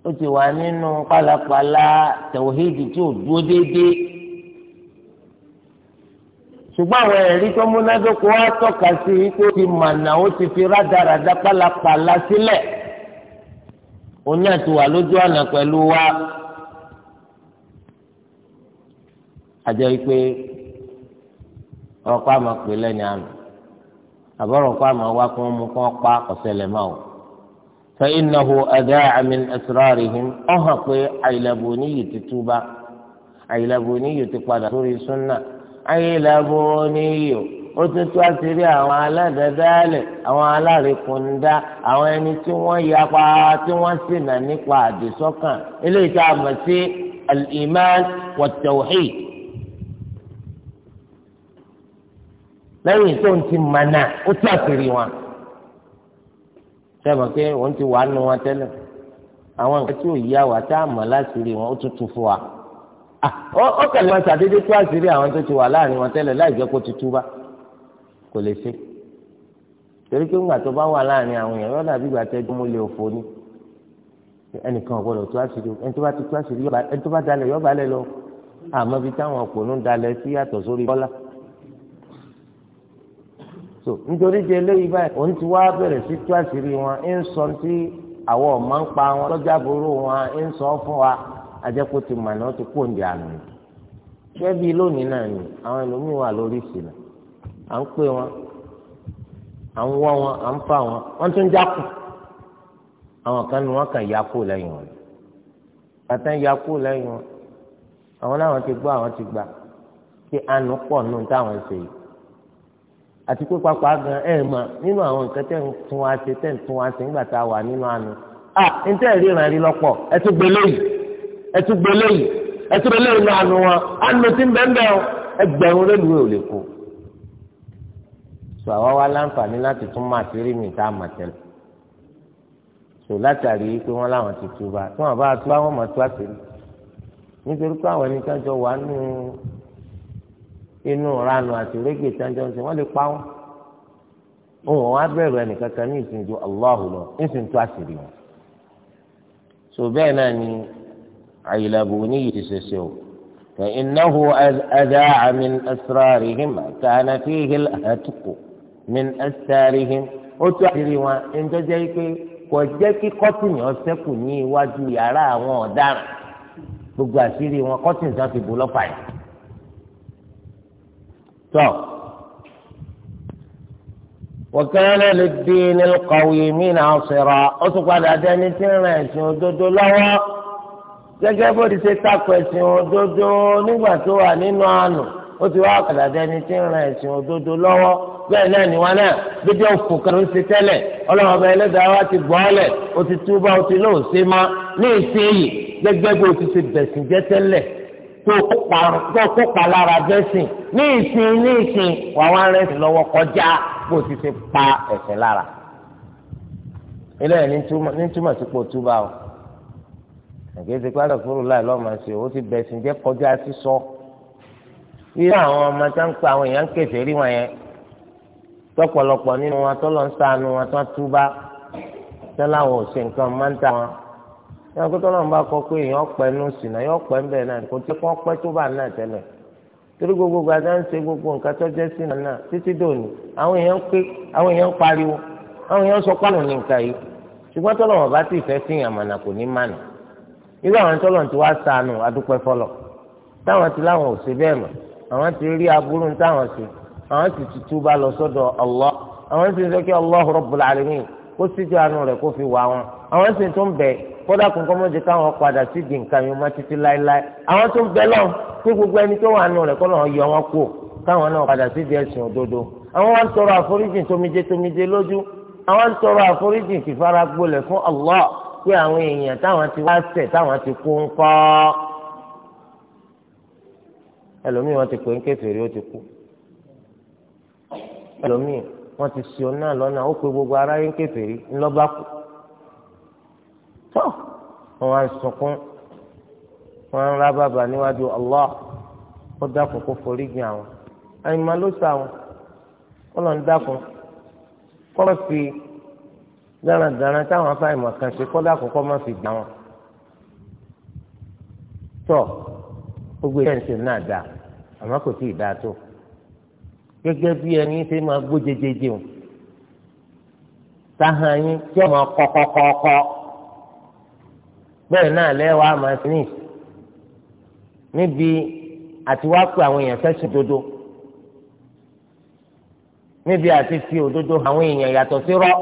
ó ti wà nínú pálapàla tẹ̀wéhídì tí ò dúró déédéé ṣùgbọ́n àwọn ẹ̀rí tó múnádóko wá tọ́ka sí i pé ó ti mànà ó ti fi rádaràda pálapàla sílẹ̀ òun náà ti wà lójú ọ̀nà pẹ̀lú wa àjọ yìí pé ọ̀rọ̀ pa pè lẹ́ni àná àbọ̀rọ̀ pa àmọ́ wá kí wọ́n mú kí pa ọ̀sẹ̀ lẹ́mọ́ فإنه أذاع من أسرارهم أهق عيلبوني تتوبة عيلبوني تقبل سوري سنة عيلبوني ó tún tú àṣírí àwọn aládàádáálẹ̀ àwọn alárìkúndá àwọn ẹni tí wọ́n yapa tí wọ́n sì nà nípa àdìsọ́kàn eléyìí tá a mọ̀ sí al-iman wa tawhid. lẹ́yìn tó ń ti mọ̀nà ó tú àṣírí wọn sẹ́wọ̀n pé wọ́n ti wà nù wọn tẹ́lẹ̀ àwọn nǹkan tí ò yá wa tá a mọ̀ láṣìírí wọn ó tuntun fún wa ah, ó kẹlẹ́ wọn ṣàdédé tó àṣírí àwọn tó ti wà láàrin wọn tẹ́lẹ̀ láì jẹ́ kó ti túbá kò lè ṣe torí pé ńgbà tó bá wà láàrin àwọn èèyàn lọ́dà bí ìgbà tẹ́jú mú lè òfò ni ẹnìkan ọ̀gbọ́dọ̀ tó àṣírí ẹni tó bá ti tó àṣírí ẹni tó bá dalẹ̀ yọ́balẹ̀ lọ àmọ́ bí táwọn ọ̀pọ̀ ń dalẹ̀ sí yàtọ̀ sórí bọ́lá so nítorí di eléyìí báyìí òun ti wá bẹ̀rẹ̀ sí tú àṣírí wọn ń sọ tí àwọn ọmọ ń pa wọn lọ́jà burú wọn ń sọ fún wa ajẹ́kó ti mọ̀ náà ti kó òǹdí àná ṣebí lónìí náà ni àwọn ẹlòmíín wà lórí ìsìnà à ń pè wọn à ń wọ́ wọn à ń fà wọn wọ́n tún jákù àwọn kan ni wọ́n kàn ya kú lẹ́yìn wọn bàtà ya kú lẹ́yìn wọn àwọn náà wọ́n ti gbọ́ àwọn ti gbà kí àánú pọ̀ nù táwọn ṣe yìí àti pé pápá gan ẹ̀ mọ̀ nínú àwọn nǹkan tẹ̀ ń tún wá ṣe tẹ̀ ń tún wá ṣe nígbà tá a wà nínú àná à níta ẹ̀rí ìrìn àrí lọ́pọ̀ ẹ tún gbélé yìí ẹ tún gbélé yìí ẹ tún gbélé ìrìn àánú wọn àánú tí ń bẹ́ẹ̀ ẹgbẹ̀rún rélùwé ò lè kó sọ àwa wá láǹfààní láti tún máa ti rí mi tá a tẹ́lẹ̀ sọ látàrí pé wọ́n láwọn ti túba tí wọ́n bá tú àwọn mọ̀ tú àṣírí nítorí pé àwọn ẹni jọ wà nù inú ranu àti rẹ́gbẹ̀ tánjọ́ ń sìn wọ́n lè pa wọ́n òun wá bẹ̀rù ẹnìkankan ní ìsìn ju Allahu lọ ìsìn tó àṣírí wọn. so bẹ́ẹ̀ náà ni àyìnlábù ní yìí ti ṣẹṣẹ o فإنه أذاع من أسرارهم كان فيه الهتك من أسرارهم ó tú àṣírí wọn ẹni tó pé kò jẹ́ kí kọ́tìnì ọ̀sẹ́kù ní iwájú yàrá àwọn ọ̀daràn gbogbo àṣírí wọn kọ́tìnì sàn fi bù lọ́fà yìí tọ́ wọ́kẹ́lẹ́ lè di nílùú kọ̀wé mí náà sọ̀rọ̀ ó tún padà dẹni tí ń rìn ẹ̀sìn òdodo lọ́wọ́ gẹ́gẹ́ bó ti ṣe takò ẹ̀sìn òdodo nígbà tó wà nínú àánú ó ti wá padà dẹni tí ń rìn ẹ̀sìn òdodo lọ́wọ́ bẹ́ẹ̀ náà ni wọn náà bíbí òkú kan ló ṣe tẹ́lẹ̀ ọlọ́run ọba wa ti gbọ́ ọ́lẹ̀ ó ti túbọ̀ ó ti lóòṣe má ní ìsinyìí gẹ́gẹ́ bó ti ṣe bẹ̀sìn jẹ́ tẹ́lẹ̀ kó kópa lára bẹ́sìn ní ìsìn ní ìsìn wà wá rẹ́sìn lọ́wọ́ kọjá bó ti ti pa ẹ̀ṣẹ̀ lára. ilé ẹ̀ ní túmọ̀ sí pò túbà o àgbẹ̀sẹ̀ pàdé fúru láì lọ́mọ sí o ó ti bẹ̀sìn jẹ́ kọjá sísọ. irú àwọn ọmọ tá ń pa àwọn èèyàn ń kẹsẹ̀ rí wọn yẹn tọ́pọ̀lọpọ̀ nínú wọn tọ́lọ́ ń sànù wọn tán túbà tẹ́láwọn ṣe nǹkan máa ń ta wọn yàrá kó tọ́lọ́run bá kọ pé èèyàn pẹ́ nù sínú yọ pẹ́ ń bẹ̀ náà kò tí kò pẹ́ tó bá náà tẹ́lẹ̀ torí gbogbo gbàdá ń ṣe gbogbo nǹkan tó jẹ́ sínú náà títí dòní àwọn èèyàn pé àwọn èèyàn pariwo àwọn èèyàn sọ pàrọ̀ ní nǹkan yìí ṣùgbọ́n tọ́lọ́run bá ti fẹ́ fìyàn mọ̀nà kò ní mànà irú àwọn tọ́lọ́run ti wá sànù adúpẹ́ fọlọ̀ táwọn ti láwọn ò ṣe bẹ́ẹ̀ mọ̀ àwọn ti rí aburú táwọn ṣe àwọn ti tutù bá lọ sọ́dọ̀ Allah àwọn ti sọ kí Allah Rabbul Alamin kó síjú àánú rẹ̀ kó fi wà wọn àwọn sì tún bẹ̀ẹ́ kódà kún kọ́mọ́ jẹ káwọn padà sí di nǹkan yìí má títí láéláé àwọn tó ń bẹ lọ kí gbogbo ẹni tó wà nù rẹ̀ kọ́ lọ́ọ́ yọ wọn kú káwọn náà padà sí di ẹ̀sìn òdodo àwọn wa ń tọrọ àforíjì tómijé tómijé lójú àwọn ń tọrọ àforíjì tìfara gbolẹ̀ fún Allah pé àwọn èèyàn táwọn ti wá ṣẹ̀ táwọn ti kú ń kọ́ ẹlòmíì wọn ti pè ń kèfèrí ó ti kú ẹlòmíì wọn ti ṣe ọ náà lọ́nà ó pe gbogbo tó wọn wá sunkún wọn ń rá bàbà níwájú Allah ó dákun kó forí gbìn àwọn àyìnbá ló sà wọn ó lọ ń dákun kọ́ fi dáradára táwọn afáìmọ̀ kan ṣe kọ́ dákun kọ́ má fi gbà wọn tó gbogbo ìṣẹ̀ǹsì náà dáa àmọ́ kò tí ì tó gẹ́gẹ́ bí ẹni ṣe máa gbó jẹjẹjẹ o yín ọmọ bẹ́ẹ̀ náà lẹ́wàá máa ní níbi àti wá pé àwọn èèyàn fẹ́sùn dodo níbi àti fi òdodo àwọn èèyàn yàtọ̀ sí rọ́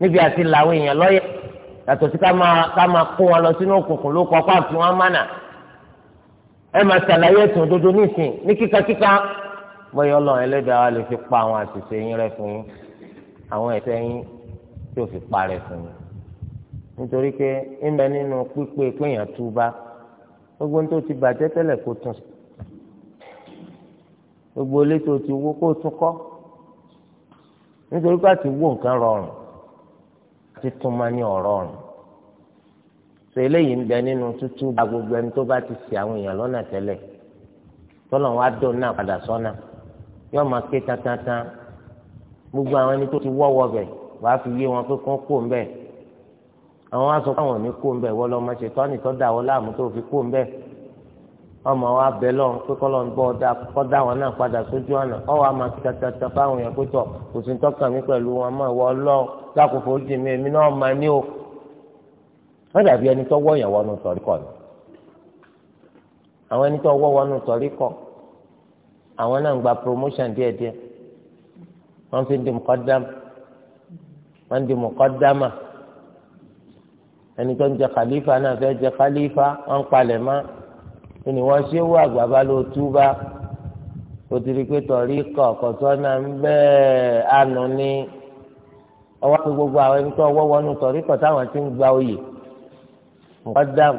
níbi àti làwọn èèyàn lọ́yẹ̀ yàtọ̀ sí ká máa kó wọn lọ sínú òkùnkùn ló kọ́ pàfi wọn mánà ẹ máa ṣàlàyé ẹ̀sùn òdodo nísìn ní kíkakíka bọ́yọ̀ ọlọ́run ẹlẹ́dàá wa lè fi pa àwọn àṣìṣe yín rẹ́ fún yín àwọn ẹ̀ṣẹ̀ yín tí fi pa rẹ́ fún yín nítorí pé ń bẹ nínú pípé péyàn túbá gbogbo tó ti bàjẹ́ tẹ́lẹ̀ kó tún gbogbo ilé tó ti wó kó tún kọ́ nítorí pé àti wó nǹkan rọrùn àti tún máa ní ọ̀rọ̀ ọ̀rùn sọ eléyìí ń bẹ nínú tútú bá gbogbo ẹni tó bá ti ṣì àwọn èèyàn lọ́nà tẹ́lẹ̀ tọ́lọ̀ wá dùn náà padà sọ́nà yóò máa ké tantan gbogbo àwọn ẹni tó ti wọ́wọ́ bẹ̀ wàá fi yé wọn pé kó kó ń bẹ́ẹ̀ àwọn wá sọ fáwọn ní kó ń bẹ wọ́n lọ ọmọ ṣètò ànìtọ́ da wọ́n láàmú tó fi kó ń bẹ ọmọ wa bẹ lọ́n pé kọ́ lọ́n bọ́ ọdá kọ́ dá wọn náà padà sójú ọ̀nà ọwọ́ àmà tata fáwọn èèyàn pé tọ̀ kò sí tọ́kàn mi pẹ̀lú wọn mọ̀ wọ́n lọ lákòókò jì mí èmi náà máa ní o wọ́n dàbí ẹni tó wọ́ yẹn wọnú sọ̀rí ni àwọn ẹni tó wọ́ wọnú sọ̀rí àwọn náà ń gba promotion díẹ̀díẹ̀ wọ́n fi di mọ̀kọ́dámà ẹni tó ń jẹ khalifa náà fẹ́ jẹ khalifa wọ́n ń palẹ̀ mọ́ ẹni wọ́n ṣe wú àgbàbá ló túbá ó ti rí i pé tọ̀rí kọ̀ kọ̀tọ́ náà ń bẹ́ẹ̀ ànú ni ọwọ́ pé gbogbo àwọn ẹni tó wọ́ wọnú tọ̀rí kọ̀ táwọn ti ń gba oyè mọ́dàm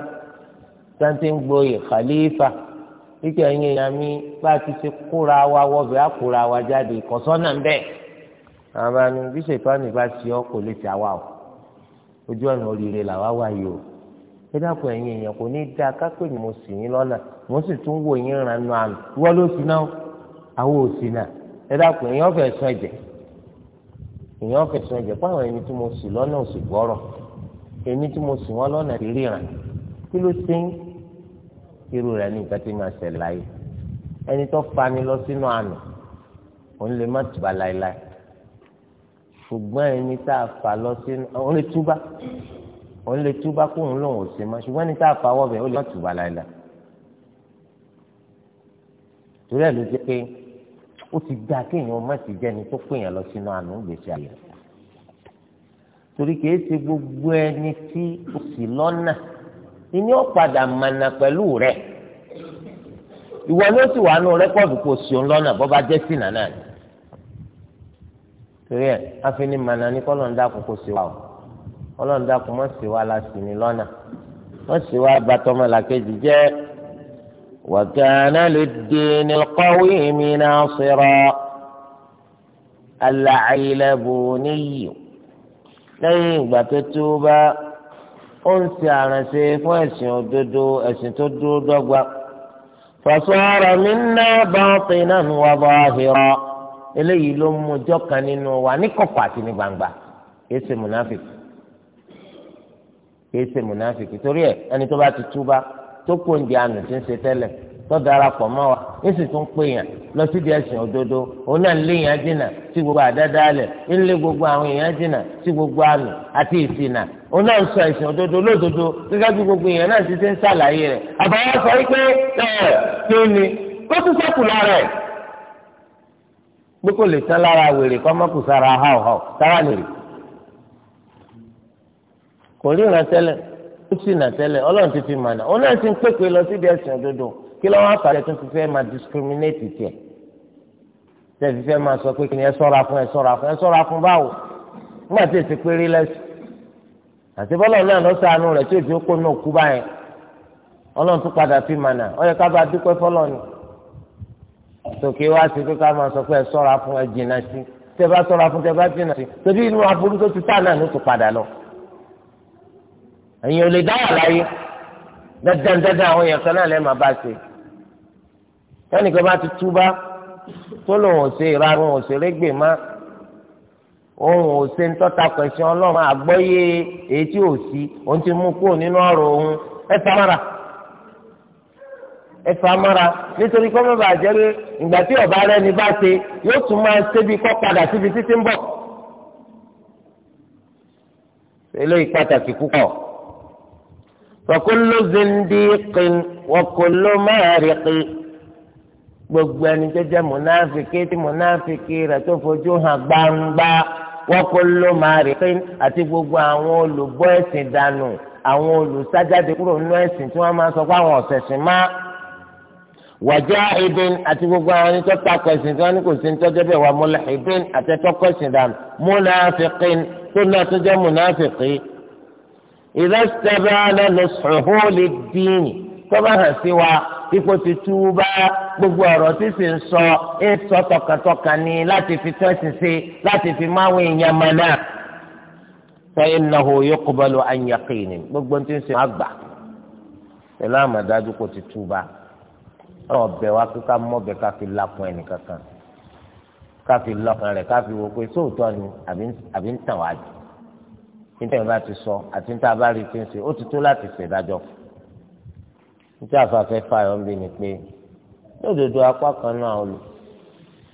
tí wọ́n ti ń gboyè khalifa wíkẹ́ ẹ̀yin èèyàn mi bá a ti ṣe kóra wa wọ́bẹ̀ á kóra wa jáde kọ̀tọ́ náà ń bẹ́ẹ̀ àwọn àni bí ṣètò àná ojú ọ̀nà oríire làwa wà yìí o ẹ dàpọ̀ ẹ̀yin èèyàn kò ní dá kápẹ́ ni mo sì yín lọ́nà mo sì tún wò yín ràn nù àná wọ́n ló sì náà àwọn ò sì náà ẹ dàpọ̀ èèyàn fẹ́ sọ ẹ̀jẹ̀ èèyàn fẹ́ sọ ẹ̀jẹ̀ fáwọn ẹni tí mo sì lọ́nà ò sì gbọ́rọ̀ èmi tí mo sì wọ́n lọ́nà kì í ríran kí ló ṣe ń irú rẹ̀ ní ìgbà tí màá ṣẹlẹ̀ láyé ẹni tó fani lọ sínú àná òun lè má tùbà láéláé ṣùgbọ́n ẹni tá a fà lọ sí òun lè túbá òun lè túbá kó òun lòun ò sí mọ́ ṣùgbọ́n ẹni tá a fà wọ́ bẹ̀ ó lè má túbá láìla torí ẹ̀ ló jẹ́ pé ó ti dá kéèyàn má ti jẹ́ni tó pèèyàn lọ sínú àánú gbèsè àyè torí kìí ṣe gbogbo ẹni tí o sì lọ́nà ìní ó padà mànà pẹ̀lú rẹ̀ ìwọ ló sì wà nù rẹ́kọ̀dù kò sí òun lọ́nà bọ́ bá jẹ́ sí nànà ni torí ẹ afini mana ní kọ́ lọ́n dàkú kó sí wa o ọlọ́n dàkú mọ́ sí wa la sì ní lọ́nà mọ́ sí wa bàtọ́mọ́ la kejì jẹ́ wa kana lid-dini al-qawimi nasira al-Aylabuni lẹ́yìn ìgbà tó tó bá ó ń ṣe àrànṣe fún ẹ̀sìn òdodo ẹ̀sìn tó dúró dọ́gba fa sara minna batinan wa zahira eléyìí ló mú ọjọ́ kan nínú wa ní kọ̀kọ̀ àti ní gbangba kìí ṣe mùnáfìkì kìí ṣe mùnáfìkì torí ẹ ẹni tó bá ti túbá tó kó oúnjẹ àánú tí ń ṣe tẹ́lẹ̀ tó darapọ̀ mọ́ wa èsì tó ń pè yàn lọ sí di ẹ̀sìn òdodo òun náà ń lé yàn jìnnà sí gbogbo àdádálẹ̀ ń lé gbogbo àwọn èèyàn jìnnà sí gbogbo àánú àti ìṣìnà òun náà ń sọ ẹ̀sìn òdodo lódodo gẹ́gẹ́ bí gbogbo èèyàn náà ti ṣe ń ṣàlàyé rẹ̀ àbáyọ sọ wípé ẹ̀ pé kò lè tán lára wèrè kọ́ mọ́kù sára háòháò sára lèrè kò rí ìran tẹ́lẹ̀ ó sì nà tẹ́lẹ̀ ọlọ́run ti fi mànà òun náà ti ń pèpè lọ síbi ẹ̀sìn òdodo kí lọ́wọ́ tó fẹ́ máa discriminate tiẹ̀ tẹ́ fi fẹ́ máa sọ pé kí ni ẹ sọ́ra fún ẹ sọ́ra fún ẹ sọ́ra fún báwo nígbà tí èsì péré lẹ́sìn àti bọ́lá náà lọ rẹ̀ tí èsì sòkè wá sí pé ká máa sọ pé ẹ sọ́ra fún ẹ jìnnà sí tẹ bá sọ́ra fún tẹ bá jìnnà sí torí inú aburú tó ti tá náà ló ti padà lọ. ẹ̀yin ò lè dá wà láyé dandan dandan àwọn èèyàn kan náà lẹ́ẹ̀ máa bá ṣe. wọ́n nìkan bá ti túbá tó lòun ò ṣe ìrarun ò ṣe régbè má òun ò ṣe ń tọ́ta pẹ̀sìn ọlọ́run àgbọ́yé èyí tí ò sí òun ti mú kúrò nínú ọ̀rọ̀ òun ẹ̀ sámárà ẹ famọ́ra nítorí kọ́ mọ́ bàjẹ́ pé ìgbà tí ọ̀bá rẹ ni bá ṣe yóò tún máa ṣébi kọ́ padà síbi títí ń bọ̀. eléyìí pàtàkì púpọ̀ wọ́kúlù zindíkì wọ́kúlù mẹ́rìkì gbogbo ẹni tó jẹ́ tí mùnáfìkì rẹ̀ tó fojú hàn gbangba wọ́kúlù mẹ́rìkì àti gbogbo àwọn olùbọ́ ẹ̀sìn dànù àwọn olùsájáde kúrò nínú ẹ̀sìn tí wọ́n máa sọ pé àwọn ọ̀sẹ̀sìn máa wajahidin àti gbogbo àwọn ẹni tó takọ ẹ̀sìn tí wọ́n ní kò sí ní tọ́jú bẹ́ẹ̀ wà mulhidin àti tọkọ ẹ̀sìn dànù múnáfìkín tó náà tó jẹ́ múnáfìkín. ìrẹsìtẹ́bẹ́ alẹ́ lọ sọ̀hún lè dín tọ́ba hàn sí wa ipò ti tú bá gbogbo ọ̀rọ̀ tí sì ń sọ é sọ tọkàntọkàn ni láti fi tẹ́sìn sí láti fi máwọn èèyàn mọ̀ náà. sẹ́yìn náà hó yóò kó lọ àyàkín gbogbo ti ń sè ọbẹ wa pé ká mọbẹ ká fi lakun ẹnìkan kan ká fi lọkàn rẹ ká fi wo pé sóòótọ́ ni àbí ń tàn wá jù nítorí bá ti sọ àti níta bá rí i pé ń ṣe ó ti tó láti ṣèdájọ́ nítorí àfàfẹ́ fààyàn ń bí ni pé lódodo apá kan náà olù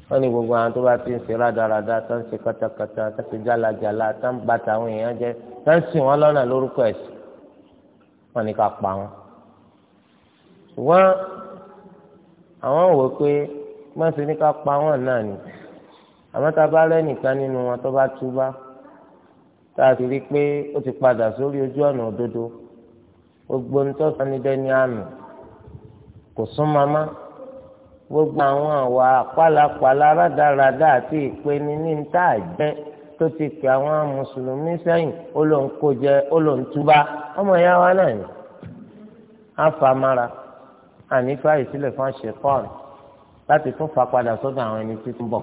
wọ́n ní gbogbo àwọn tó bá ti ń ṣe rádaràda tó ń ṣe katakata tó ń jálajàla tó ń bàtà àwọn èèyàn jẹ tó ń sìn wọ́n lọ́nà lórúkọ ẹ̀sìn wọ́n ní ká pa wọ́n àwọn wò pé má ṣe ní ká pa wọn náà ni àmọ́ tá a bá rẹ́nìkan nínú wọn tó bá túbá tá a sì rí i pé ó ti padà sórí ojú ọ̀nà òdodo gbogbo ń tọ́ sanidẹ́ni àmì kò sún mamá gbogbo àwọn àwa pálapàla rádaràda àti ìpeni ní níta àjẹ́ tó ti pè àwọn mùsùlùmí sẹ́yìn ó ló ń kó jẹ ó ló ń túbá ọmọ ìyá wa náà ni àfàmára. àní fàyè sílẹ̀ fún àṣepọ́n láti tún fa padà sọ́dọ̀ àwọn ẹni tí ń bọ̀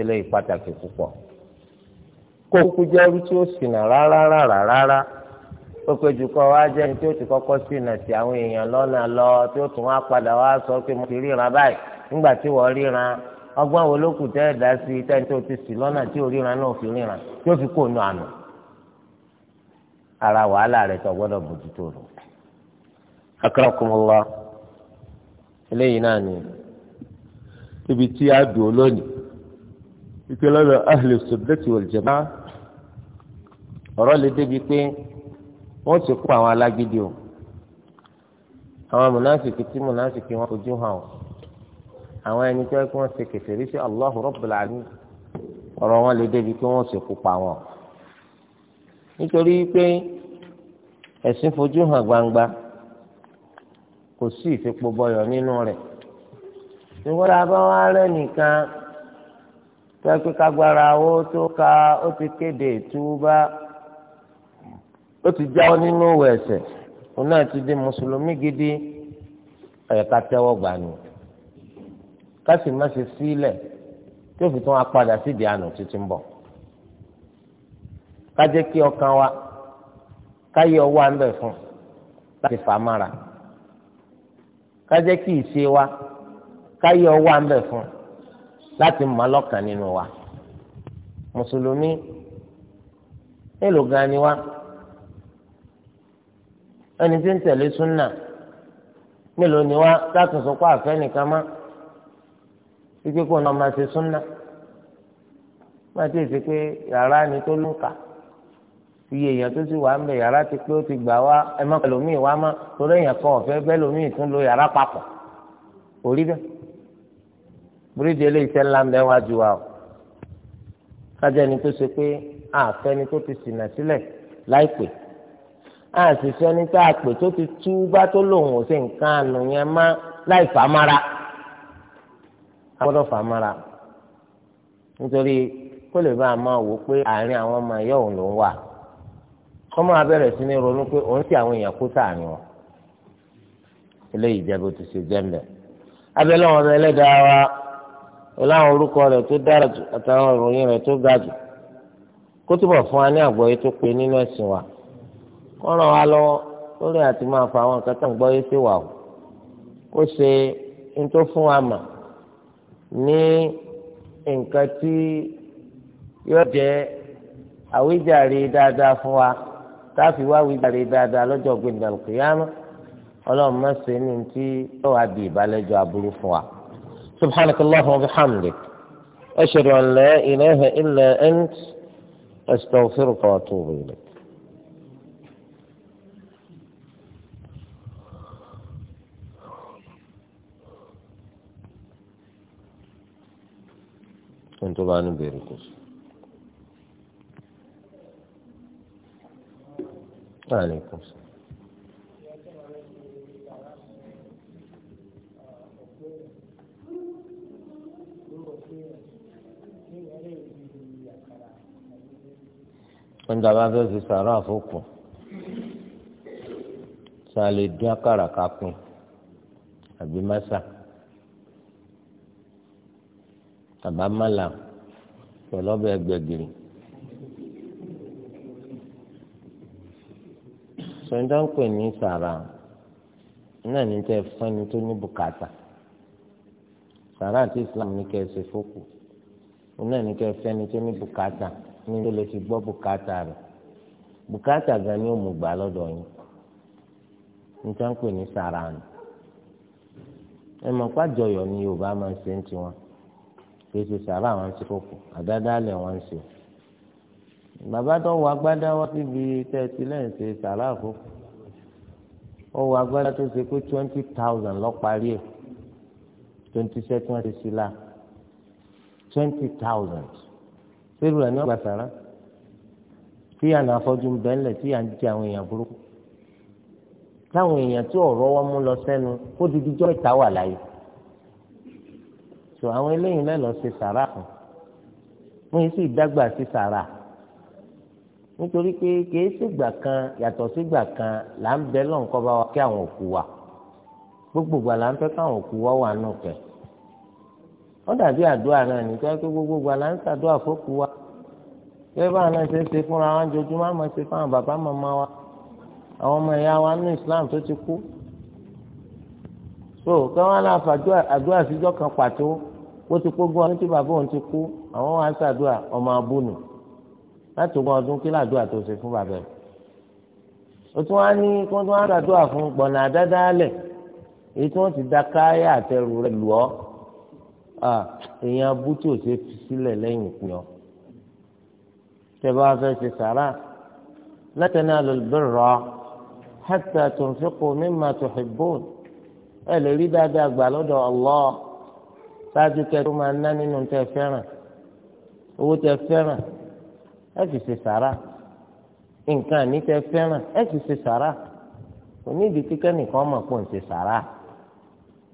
eléyìí pàtàkì púpọ̀ kó kúkú jẹ́ orí tí ó ṣìnà rárá rárá rárá ó pé jù kọ́ wá jẹ́ ẹni tí ó ti kọ́kọ́ ṣìnà sí àwọn èèyàn lọ́nà lọ tí ó tún wá padà wá sọ pé mo ti ríran báyìí nígbà tí wọ́n ríran ọgbọ́n wo ló kù tẹ́ ẹ̀dá sí tẹ́ni tó ti sì lọ́nà tí ò ríran náà fi ríran tí ó fi kó nu àná ara wàhálà rẹ̀ tó gbọ́dọ̀ bójútó rẹ̀. akramakumullah eléyìí náà ni ibi tí a dùn lónìí ìpè lọ́dọ̀ ahlu sunnati wal jamaa ọ̀rọ̀ lè débi pé wọ́n ti kó àwọn alágídí o àwọn mùnáfìkì tí mùnáfìkì wọn fojú hàn o àwọn ẹni tí wọ́n ṣe kèfèrí sí Allahu Rabbul ọ̀rọ̀ wọn lè débi pé wọ́n sì kú pa wọn nítorí pé ẹ̀sìn fojú hàn gbangba kò sí ìfipò bọyọ nínú rẹ̀ ìwọ́n abá wa rẹ̀ nìkan tẹ́kí kagbára owó tó ka ó ti kéde ìtúbá ó ti jáwọ́ nínú òwò ẹ̀ṣẹ̀ òun náà ti di mùsùlùmí gidi ẹ̀ka tẹ́wọ́ gbà nù kásì má ṣe sílẹ̀ tó fi tún wa padà sídìí àná títí ń bọ̀ ká kí ọkàn wa ká ọwọ́ à ń bẹ̀ fún láti fà á mára kájẹ́ kí ìṣe wa káyọ̀ wà ń bẹ̀ fún láti mọ̀ lọ́kàn nínú wa mùsùlùmí mélòó gan ni wa ẹni tí ń tẹ̀lé súnà mélòó ni wa láti sọ pé àfẹ́ nìkan má wípé kó náà máa ṣe súnà má ti pé yàrá ni tó lùkà iye èèyàn tó sì wà ń bẹ yàrá ti pé ó ti gbà wá ẹ má pẹlòmíì wá mọ torí èèyàn kan ọ̀fẹ́ bẹ́lòmíì tún lo yàrá papọ̀ orí bẹ́ẹ̀ bíríìjì eléyìí ńlá ń bẹ wá ju wa o kájẹ́ ni tó ṣe pé àfẹ́ni tó ti ṣìnà sílẹ̀ láìpẹ́ àṣìṣe ní tá a pè tó ti tú bá tó lòun ò sí nǹkan àná yẹn má láì fàmára a gbọ́dọ̀ fàmára nítorí kó lè bá a máa wò pé àárín àwọn ọmọ ẹ̀yọ́ òun ló ń wà. kọ́mọ abẹ́rẹ́ sí ní ronú pé òun ti àwọn èèyàn kó sáàrin wọn eléyìí jẹ́ bó ti ṣe jẹ́ abẹ́lẹ́ wọn bẹ́ẹ̀ lẹ́dàá wa ọláwọn orúkọ rẹ̀ tó dára jù àtàwọn ìròyìn rẹ̀ tó ga jù kó túbọ̀ fún wa ní àgbọ́yé tó pé nínú ẹ̀sìn wa lọ́wọ́ lórí àti máa fa àwọn nǹkan tó ń gbọ́yé sí táàfin wá wí gbàdé dáadáa lọ́jọ́ gbẹ̀ndà al-qiyamah ọlọ́run má ṣe ní ti yóò wá di ìbálẹ́jọ́ aburú fún wa. subhanakallah wa bihamdik ashhadu an la ilaha illa ant astaghfiruka wa atubu ilayk. كنت الله نبيركم Alaikum salaam. wọ́n dábàá fẹ́ fi sàrà àfọkùn sá lè dín àkàrà kápín àbí mẹ́sà àbámàlà pẹ̀lú ọbẹ̀ gbẹ̀gìrì. sọ ní dáńpẹ̀ ní sàrà náà ní tẹ fún ẹni tó ní bùkátà sàrà àti Islam ní kẹ́ ṣe fókù náà ní kẹ́ ẹ tó ní bùkátà ní tó lè fi gbọ́ bùkátà rẹ̀ bùkátà gan ni ó mú gbà lọ́dọ̀ yín ní ní sàrà nù ẹ mọ̀ pàjọyọ̀ ni Yorùbá máa ń ṣe ń tiwọn kì í ṣe sàrà wọn ṣe fókù wọn ṣe bàbá tó wọ agbádá wá síbi tẹ́tí lẹ́yìn ṣe sàrà fún ó wọ agbádá tó ṣe pé twenty thousand lọ parí ẹ̀ twenty seven ṣe sí la twenty thousand síbi rẹ̀ ní ọgbà sàrà tí à ń afọ́jú bẹ́ńlẹ̀ tí à ń jẹ àwọn èèyàn burúkú táwọn èèyàn tí ọ̀rọ̀ wọn mú lọ sẹ́nu ó di dídọ́ ìta wà láyé tó àwọn eléyìí lẹ́ lọ ṣe sàrà fún wọn yìí sì dágbà sí sàrà nítorí pé kìí sígbà kan yàtọ̀ sígbà kan là ń bẹ lọ́n kọ́ bá wa kí àwọn òkú wa gbogbo gbà là ń fẹ́ káwọn òkú wa wà nù kẹ́ wọ́n dàbí àdúrà náà nítorí pé gbogbo gbà là ń ṣàdúrà fókù wa bẹ́ẹ̀ báwọn náà ṣe ń ṣe fúnra wa jojúmọ́ àmọ́ ṣe fáwọn bàbá màmá wa àwọn ọmọ ìyá wa ní Islam tó ti kú so kí wọ́n náà fàdúrà àdúrà síjọ́ kan pàtó ó ti kó gbọ́n tí bàbá òun ti kú àwọn wa ń ṣàdúrà ọmọ abúlù láti ogún ọdún kí làdúrà tó ṣe fún bàbá ẹ̀ o tún wá ní kí wọ́n tún wá làdúrà fún gbọ̀nà àdádálẹ̀ èyí tí wọ́n ti da káyà àtẹrù rẹ̀ lù ọ́ èèyàn abú tí ò ṣe fi sílẹ̀ lẹ́yìn ìpín ọ tẹ́ bá ṣe sàrà látẹ̀nà lọ́lùbẹ̀rọ̀ hàtà tó ń fipò mímà tó hìbòn ẹ lè rí dáadáa gbà lọ́dọ̀ Allah ṣáájú kẹ́ẹ́ máa ná nínú tẹ́ fẹ́ràn owó tẹ́ fẹ́ràn ẹ fi ṣe sàrà nǹkan àníkẹ́ fẹ́ràn ẹ fi ṣe sàrà onídìí kíkẹ́ nìkan mọ̀ pọ̀ ń ṣe sàrà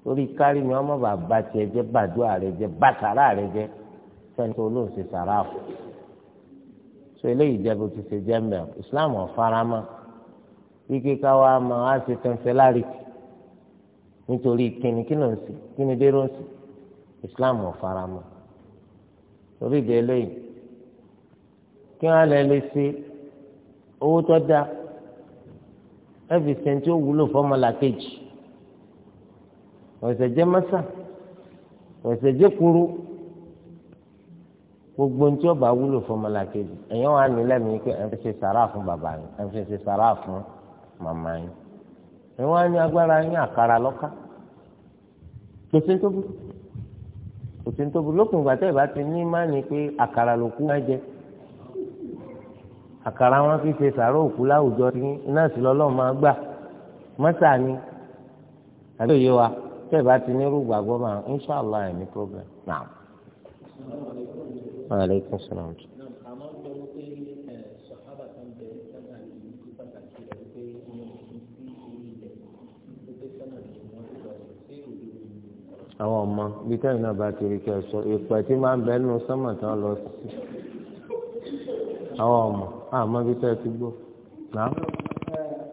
torí kárí mi ọmọ bàbá tiẹ̀ jẹ́ bàdúrà rẹ jẹ́ bàtàrà rẹ jẹ́ fẹ́ni tó lóun ṣe sàrà fún so eléyìí jẹ́ bó ti ṣe jẹ́ mẹ́ọ̀ Islam ọ̀farama wíkẹ́ ká máa wá ṣe fẹ́ńfẹ́ láríkì nítorí kíni kí ló ń ṣe kíni dé ló ń ṣe Islam ọ̀farama torí ìdí eléyìí kí wọ́n lè lè ṣe owó tó dáa ẹ fi sẹ́ńtì ó wúlò fọ́mọlà kejì ọ̀sẹ̀ jẹ́ mọ́sà ọ̀sẹ̀ jẹ́ kuru gbogbo ntí ọba wúlò fọ́mọlà kejì ẹ̀yàn wà ní lẹ́mìí pé ẹ fi ṣe sàrà fún bàbá yín ẹ fi ṣe sàrà fún màmá yín ẹ̀yàn wà ní agbára yín àkàrà lọ́ka gbèsè tó burú gbèsè tó burú lókùn ìgbà tẹ́ ìbá ti ní má ní pé àkàrà ló má jẹ́ àkàrà wọn fi ṣe sàárò òkú láwùjọ ní iná sí lọ́lọ́run máa gbà mọ́tà ni àbí òye wa tẹ́ẹ̀ bá ti nírú gbàgbọ́ máa inṣàlá ẹ̀ ní program náà. aleykum salaam. àwọn ọmọ bí tẹ́yìn náà bá ti rí kẹ́ ẹ sọ ìpẹ́ tí máa ń bẹ́ẹ̀ nù sọ́mọ̀ lọ sí àwọn ọmọ àmọ́ bí tẹ́ ẹ ti gbọ́ náà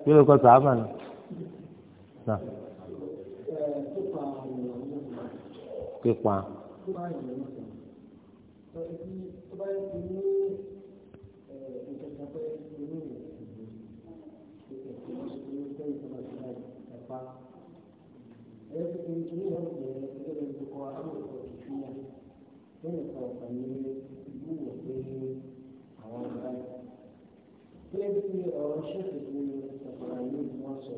kí ló kọ́ sàábà ni. pípa. gẹ́gẹ́ bí ọ̀rọ̀ ṣẹ́ẹ̀kì tí ọ̀sán yìí ni wọ́n sọ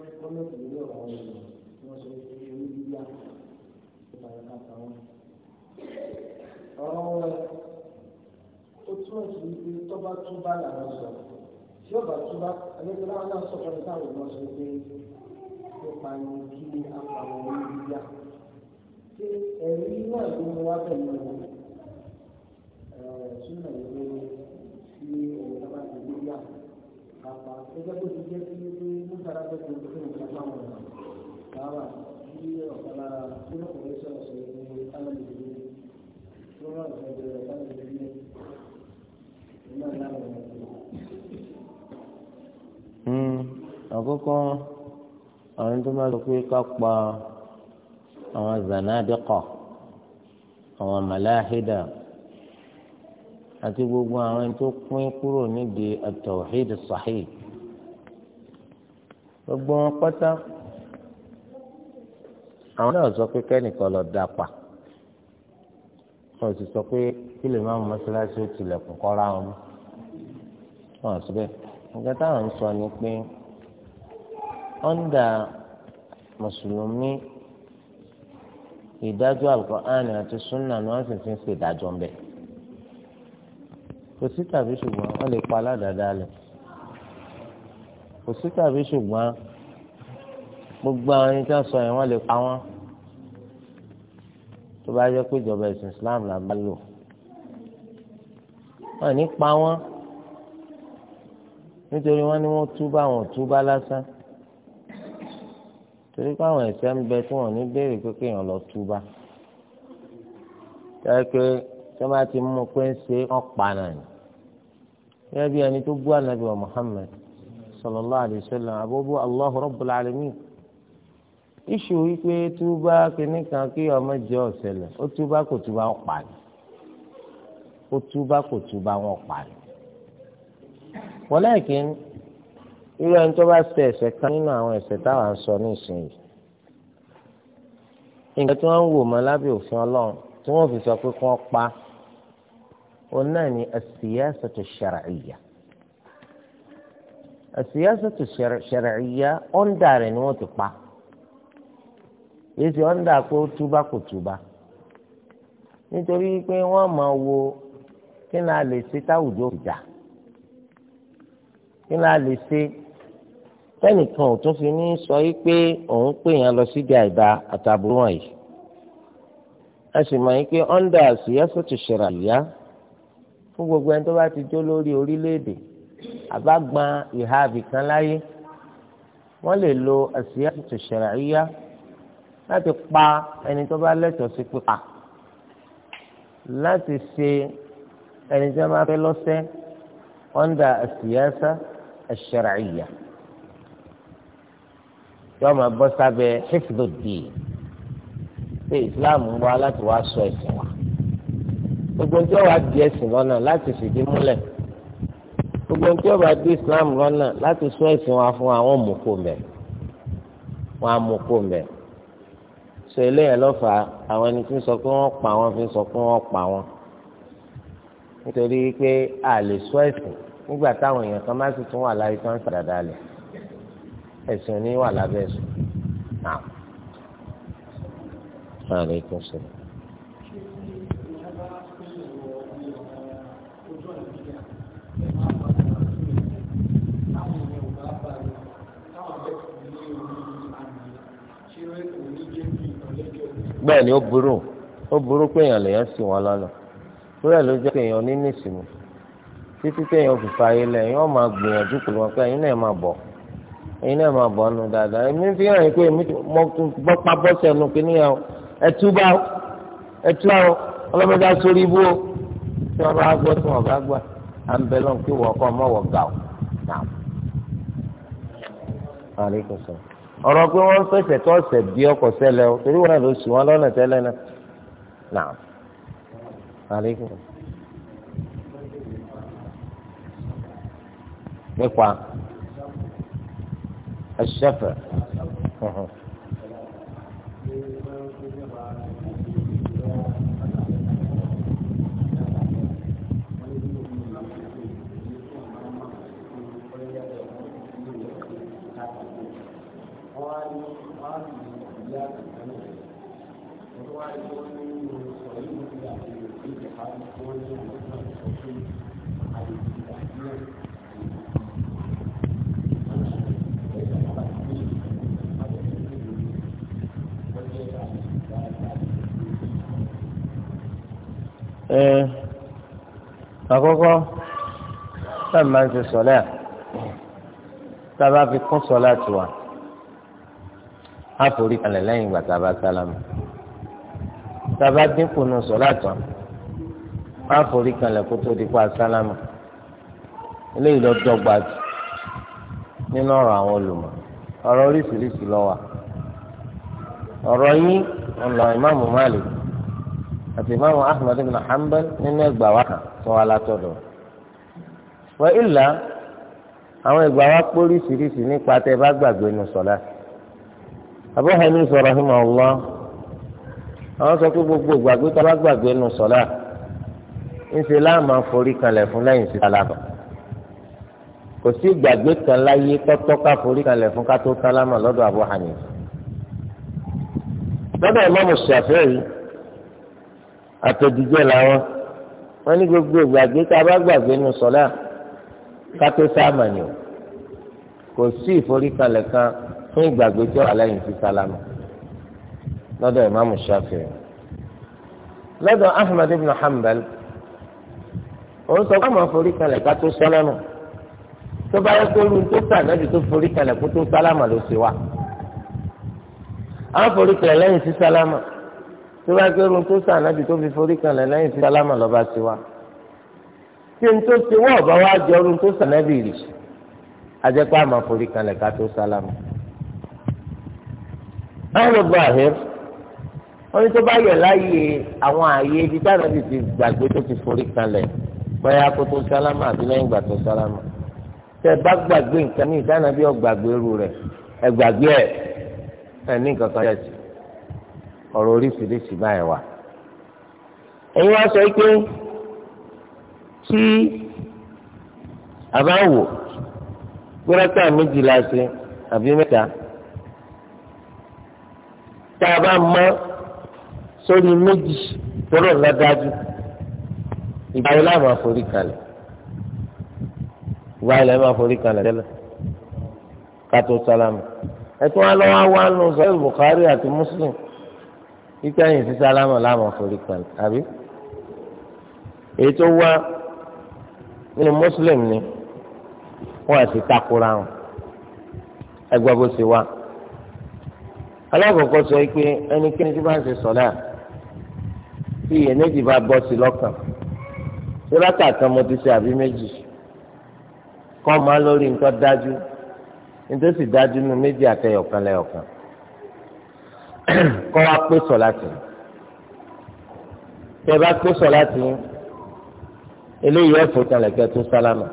pé gọ́ọ̀mẹ̀ntì lórí ọ̀rọ̀ àwọn èèyàn wọ́n sọ pé orí gbígbà tó bá yọká pa wọn. ọ̀rọ̀ rẹ̀ ó túmọ̀ sí wípé tọ́ba túbá làwọn sọ tí ó túbá ẹgbẹ́ láwọn náà sọ fún táwọn èèyàn sọ pé nípa ni kí apàwọn orí gbígbà ṣé ẹ̀rí náà ló mú wá pẹ̀lú ẹ̀ ṣúnà ìlú kápá ẹgbẹ́ tó ti jẹ́ sí pé mọ́tàrà tó ti tó fún ìkápá wọn káwà sí ọ̀kan lára tó lọ́kọ̀ lẹ́sọ̀ ọ̀sẹ̀ ní alẹ́bìnrin tó rán ìfẹ́jọ rẹ̀ alẹ́bìnrin nígbà lára rẹ̀. àkọ́kọ́ àwọn tó máa sọ pé ká pa àwọn zanadika àwọn màláhídà àti gbogbo àwọn ẹni tó pín kúrò nídìí at-tawhid as-sahih gbogbo wọn pátá àwọn náà sọ pé kẹ́nìkan lọ da pa wọn sì sọ pé kí lè má mú mọ́ṣáláṣí ó tilẹ̀kùn kọ́ra wọn wọn síbẹ̀ nǹkan táwọn ń sọ ni pé ọ́ndà mùsùlùmí ìdájọ́ Al-Qur'an àti sunna ni wọ́n sì fi ń ṣèdájọ́ ń bẹ̀ẹ́ kò sí tàbí ṣùgbọ́n wọ́n lè pa aládàáda lẹ̀ kò sí tàbí ṣùgbọ́n gbogbo àwọn ẹni tí wọ́n sọ yẹn wọ́n lè pa wọ́n tó bá yẹ pé ìjọba ìsìn Islam là bá lò wọ́n ní pa wọ́n nítorí wọ́n ní wọ́n túbá wọn túbá lásán torí pé àwọn ẹ̀ṣẹ̀ ń bẹ tí wọ́n ní béèrè pé kéèyàn lọ túbá. Tẹ́lẹ̀ pé sọ́mà ti mú pé ń ṣe ọ̀pá náà ni. gẹ́gẹ́ bí ẹni tó bú ànábì wa Muhammad sallallahu alayhi wa sallam àbúrò Allahu rabbul alamin. iṣu wípé túbá kínní kan kí ọmọ jẹ́ ọ̀sẹ̀lẹ̀ ó túbá kò túbá wọn pa ni ó túbá kò túbá wọn pa ni. walakin irú ẹni tó bá ṣe ẹ̀ṣẹ̀ kan nínú àwọn ẹ̀ṣẹ̀ táwọn sọ nísìnyí nǹkan tí wọ́n ń wò mọ́ lábẹ́ òfin ọlọ́run tí wọ́n fi sọ pé kí wọ́n pa á òun náà ni asiyasatu shar'iyya asiyasatu shar'iyya ọ̀ndà rẹ̀ ni wọ́n ti pa èsì ọ̀ndà kó tuba kò tuba. n'itori pé wọ́n máa wo tẹnìkan ò tún fi ní sọ yìí pé òun pè yẹn lọ síbi àìdá àtàbùrù wọ̀nyí a sì mọ̀ yìí pé fún gbogbo ẹni tó bá ti jó lórí orílẹ̀-èdè àbágbọn ìhà àbìkan láyé wọ́n lè lo àsíyàtò ṣàràyíyá láti pa ẹni tó bá lẹ́tọ̀ọ́ sí pípa láti ṣe ẹni tí wọ́n máa fẹ́ lọ́sẹ̀ ọ̀ndà àsíyàtà ṣàràyíyá yọ máa bọ́ sábẹ́ hifdodin pé Islam ń wá láti wá sọ ẹ̀sìn wa gbogbo ní tí wọ́n wá di ẹ̀sìn lọ́nà láti fìdí múlẹ̀ gbogbo ní tí wọ́n bá di Islam lọ́nà láti sún ẹ̀sìn wa fún àwọn òmùkò mẹ́ wọn àmùkò mẹ́ sọ eléyàn lọ́fà àwọn ẹni tí ń sọ pé wọ́n pa wọn fi ń sọ pé wọ́n pa wọn nítorí pé a lè sún ẹ̀sìn nígbà táwọn èèyàn kan bá sì tún wà láyé tó ń sàdádà lẹ̀ ní wà lábẹ́ ẹ̀sìn náà. Aleykum salaam. bẹ́ẹ̀ ni ó burú ó burú pé èèyàn lèèyàn sì wọn lọ́nà kúrẹ́ ló jẹ́ pé èèyàn ní nísìmí títí téèyàn fi fààyè lẹ̀ èèyàn máa gbìyànjú pẹ̀lú wọn pé ma náà máa bọ̀ ẹ̀yin náà máa bọ̀ nù dáadáa èmi fi hàn yín pé èmi mọ bọ́sẹ̀ nù kí ọlọ́mọdé ibú o tí wọ́n bá gbọ́ tí wọ́n bá gbà ń bẹ lọ́n ọ̀rọ̀ pé wọ́n fẹsẹ̀ ọ̀sẹ̀ bí ọkọ̀ sẹ́lẹ̀ o torí wọn wọn lọ́nà tẹ́lẹ̀ náà náà àlékún. ní máàlì máa ń ṣe sọ̀lẹ́ à fi kún sọ̀lá tiwa àforí kalẹ̀ lẹ́yìn ìgbà tá a bá sálámà tá a bá dínkù nù sọ̀rọ̀ àtàn àforí kalẹ̀ kó tó di pa sálámà eléyìí lọ dọ́gba jù nínú ọ̀rọ̀ àwọn olùmọ̀ ọ̀rọ̀ oríṣiríṣi ló ọ̀rọ̀ yìí ọ̀nà ìmáàmù Malik àti ìmáàmù Ahmad ibn Hanbal nínú ẹgbàá wa kan tó wà látọ̀dọ̀ wọ́n ìlà àwọn ẹgbàá wa pé oríṣiríṣi nípa tẹ́ bá gbàgbé nù sọ̀láṣì. Abu Hanifa rahimahullah àwọn sọ pé gbogbo gbàgbé tó bá gbàgbé nù sọlá ńṣe láàmú àforí kanlẹ̀ fún lẹ́yìn sí sálámà kò sí gbàgbé kan láyé tọ́tọ́ ká forí kanlẹ̀ fún kátó sálámà lọ́dọ̀ Abu Hanifa lọ́dọ̀ Imam Shafi'i àtẹ̀jíjẹ́ làwọn wọ́n ní gbogbo gbàgbé tá a bá gbàgbé nù sọlá kátó sálámà ni o kò sí ìforí kanlẹ̀ kan. fún ìgbàgbé tí wà lẹ́yìn sí sálámà lọ́dọ̀ ìmáàmù Ṣáfi'í lọ́dọ̀ Ahmad Hanbal òun sọ àwọn forí kalẹ̀ ká tó sálámà tó bá yẹ n tó ti wọ́ ọ̀bá wá tó rì forí ká tó sálámà. báwo gbàhìr wọ́n ní tó bá yẹ láàyè àwọn ààyè ibi táwọn ti ti gbàgbé tó ti forí kalẹ̀ bóyá kó tó sálámà àbí lẹ́yìn ìgbà tó sálámà tẹ bá gbàgbé nǹkan ní ìdáná bí ọgbàgbé ru rẹ ẹ ẹ ní oríṣiríṣi báyìí wà. ẹ̀yin wá sọ pé tí tá a bá mọ sórí méjì tọ́lọ̀ ńlá dájú ìgbà yẹn láì máa forí kalẹ̀ ìgbà yẹn láì máa forí kalẹ̀ tẹ́lẹ̀ kátó sálámù ẹ̀tún wa lọ́wọ́ wa nù sọ́yìn Bukhari àti Muslim ìkẹyìn sí sálámù láwọn forí kalẹ̀ àbí èyí tó wá nínú Muslim ni wọ́n á sì takora wọn ẹgbẹ́ bó ṣe wá alákọ̀ọ́kọ́ sọ pé ẹnikẹ́ni tí wọ́n ń ṣe sọ̀lá tí iyèméjì bá bọ́ sí lọ́kàn ṣé rákà kan mo ti ṣe àbí méjì kọ́ ọ máa lórí nǹkan dájú nítorí sì dájú nínú méjì àtẹyọ̀kan lẹ́yọ̀kan kọ́ wa pé sọ̀lá tì tẹ bá pé sọ̀lá tì eléyìí ẹ̀fọ́ kanlẹ̀kẹ́ tó sálámà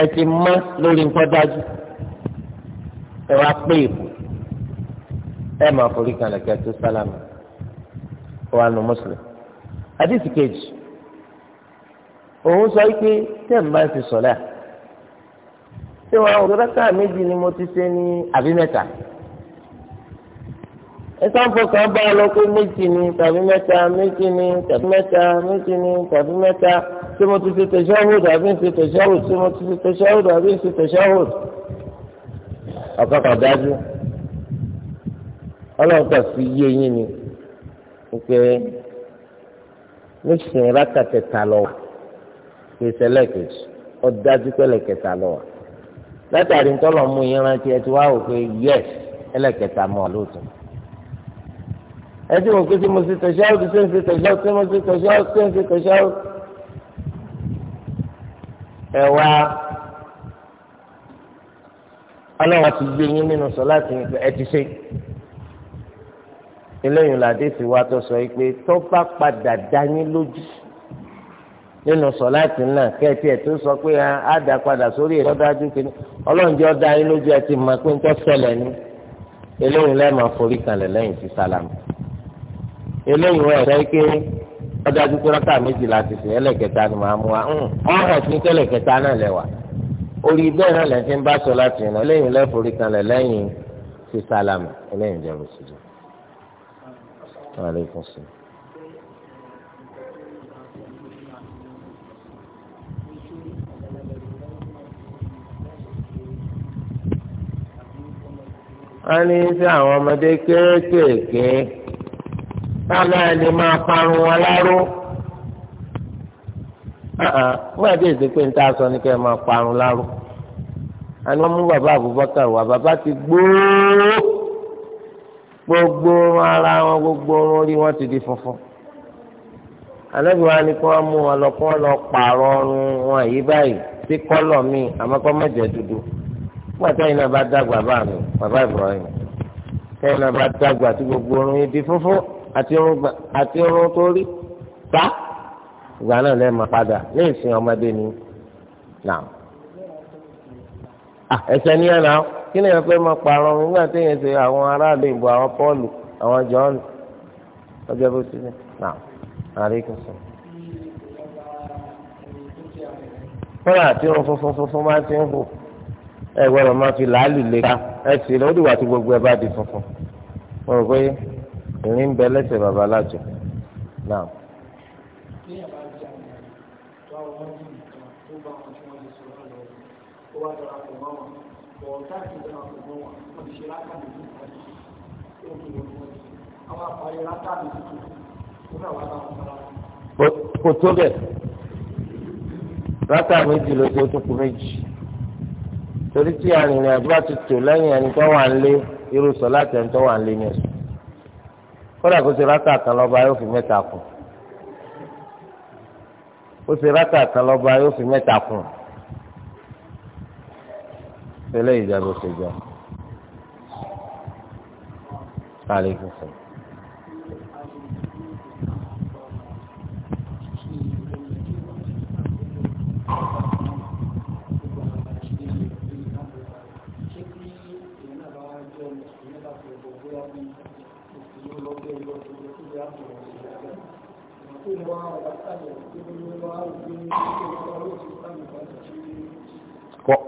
ẹ ti mọ́ lórí nǹkan dájú ẹ wá pé ìbò ẹ máa forí kan lẹ̀kẹ́ tó sálámù wa nu muslim hadith kejì òun sọ pé tẹ́ ẹ̀ ń bá ti sọ̀lá ṣé wọn àwọn òdòdókà méjì ni mo ti ṣe ní àbí mẹ́ta ìsànfò kan bá a lọ pé méjì ni tàbí mẹ́ta méjì ni tàbí mẹ́ta méjì ni tàbí mẹ́ta ṣé mo ti ṣe tẹ̀síọ́wò tàbí ń ṣe tẹ̀síọ́wò ṣé mo ti ṣe tẹ̀síọ́wò tàbí ń ṣe tẹ̀síọ́wò ọ̀kọ̀ọ̀kan dájú ọlọ́run kan fi yé yín ni wípé nísìnyí rákàtẹ̀ta lọ wà pèsè lẹ́ẹ̀kejì ó dájú pé lẹ́ẹ̀kẹta lọ wà látàrí ntọ́lọ̀ mú yín rántí ẹ ti wá wò pé yẹs ẹlẹ́kẹta mọ́ lóòótọ́ ẹ ti wò pé tí mo ti tẹ̀sẹ̀ ọ́ tí mo ti tẹ̀sẹ̀ ọ́ tí mo ti tẹ̀sẹ̀ ọ́ tí mo ti tẹ̀sẹ̀ ọ́ ẹ wá. ọlọ́run ti gbé yín nínú sọ láti ẹ ti ṣe eléyìí làdé sì wá tó sọ pé tó bá nínú sọ láti náà kẹ́ẹ̀tì ẹ̀ tó sọ pé á dá padà sórí ẹ̀ lọ́dájú kìíní ọlọ́run jẹ́ yín lójú pé ń tọ́ ni eléyìí forí kalẹ̀ lẹ́yìn sálámù ike orí bẹ́ẹ̀ náà lẹ́yìn tí ń bá sọ láti rìn lẹ́yìn lẹ́fọ̀rí kanlẹ̀ lẹ́yìn ti sálámù lẹ́yìn jẹ́ òṣèlú. Aleykum salaam. wọ́n ní sí àwọn ọmọdé kéékèèké táwọn ẹni máa parun wọn láró. Uh-uh. wọ́n àti èsì pé ń tá a sọ ní kẹ́ ẹ máa parun lárú àni wọ́n mú bàbá Abubakar wá bàbá ti gbóòó gbogbo ara wọn gbogbo orí wọn ti di funfun alẹ́bí wa ni kí wọ́n mú wọn lọ kí wọ́n lọ pààrọ̀ ọrùn wọn yìí báyìí sí kọ́lọ̀ míì àmọ́ kọ́ mẹ́jẹ dúdú pàtó yìí náà bá dàgbà bá mi bàbá Ibrahim kẹ́yìn náà bá dàgbà tí gbogbo orun yìí di funfun àti irun tó rí pa ìgbà náà lẹ́ẹ̀ máa padà ní ìsìn ọmọdé ni ah, náà. ẹsẹ̀ ní ẹ̀nà kí ni ẹ fẹ́ máa parọ́ nígbà tí yẹn ṣe àwọn aráàlú ìbò àwọn pọ́ọ̀lù àwọn jọ́ọ̀nù ọjọ́ bó ti ní náà àríkùn sọ. fúnra àti irun funfun funfun máa ti ń hù ẹ gbọ́dọ̀ máa fi làálù lè ka ẹ sì lọ dìgbà tí gbogbo ẹ bá di funfun. mo rò pé ìrìn ń bẹ lẹ́sẹ̀ bàbá lájọ náà. wá dara pọ̀ mọ́ wọn wọ́n táàkì dara pọ̀ mọ́ wọn wọ́n ti ṣe látà ní ìlú kan yóò fi wọ́n wọ́n ti àwọn àpáyé látà ní ìlú kan wọ́n náà wá dáhùn sára. kò tó bẹ̀ látà méjì ló tó tó méjì torí tí arìnrìn àdúrà ti tò lẹ́yìn ẹni tó wà ń lé irú láti ẹni tó wà ń lé ní ẹ̀sùn kódà kó ti rákà kan lọ́ba yóò fi mẹ́ta kù ó ti rákà kan lọ́ba yóò fi mẹ́ta kù eléyìí ìjábọ̀ ṣe jẹ́ àlékún sọ̀rọ̀.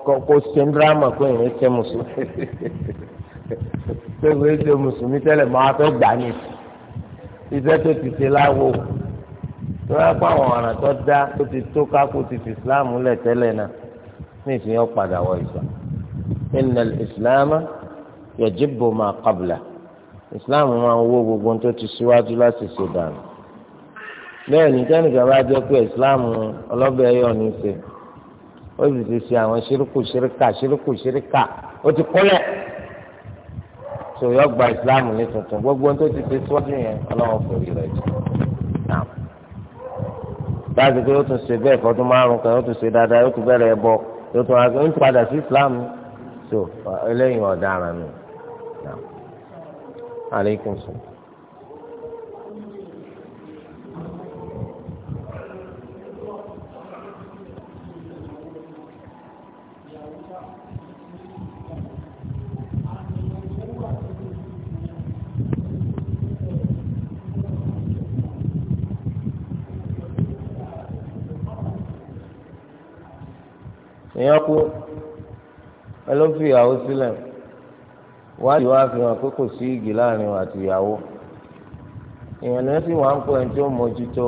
kó ṣe ń dírámà pé ìrìn ṣe mùsùlùmí pé ìrìn ṣe mùsùlùmí tẹ́lẹ̀ máa fẹ́ gbà ní iṣẹ́ tó ti ṣe láwo tó yá pé àwọn ọ̀ràn tó dá tó ti tó kákó ti fi ìsìláàmù lẹ̀ tẹ́lẹ̀ náà ní ìfihàn padà wọ ìgbà innal ìsìláàmù yajibu ma qabla ìsìláàmù máa ń wó gbogbo tó ti síwájú láti ṣèdànù bẹ́ẹ̀ ní kẹ́nìkan bá jẹ́ pé ìsìláàmù ọlọ́bẹ̀ ẹ̀yọ́ ní í ó sì ti ṣe àwọn ṣírùkù ṣíríkà ṣírùkù ṣíríkà ó ti kúnlẹ̀ tó yọ gba ìsìláàmù ní tuntun gbogbo ohun tó ti ṣe síwájú yẹn ọlọ́wọ́ fòrí rẹ̀ jù báyìí pé ó tún ṣe bẹ́ẹ̀ fọdún márùn kan ó tún ṣe dáadáa ó tún bẹ̀rẹ̀ ẹbọ ó tún wá ń padà sí ìsìláàmù tó eléyìí ọ̀daràn nù. Alaikum salaam. èèyàn kú ẹ ló fi ìyàwó sílẹ̀ fi hàn pé kò sí igi láàrin òun àti ìyàwó èèyàn lè fi wọn kó ẹni tó mójútó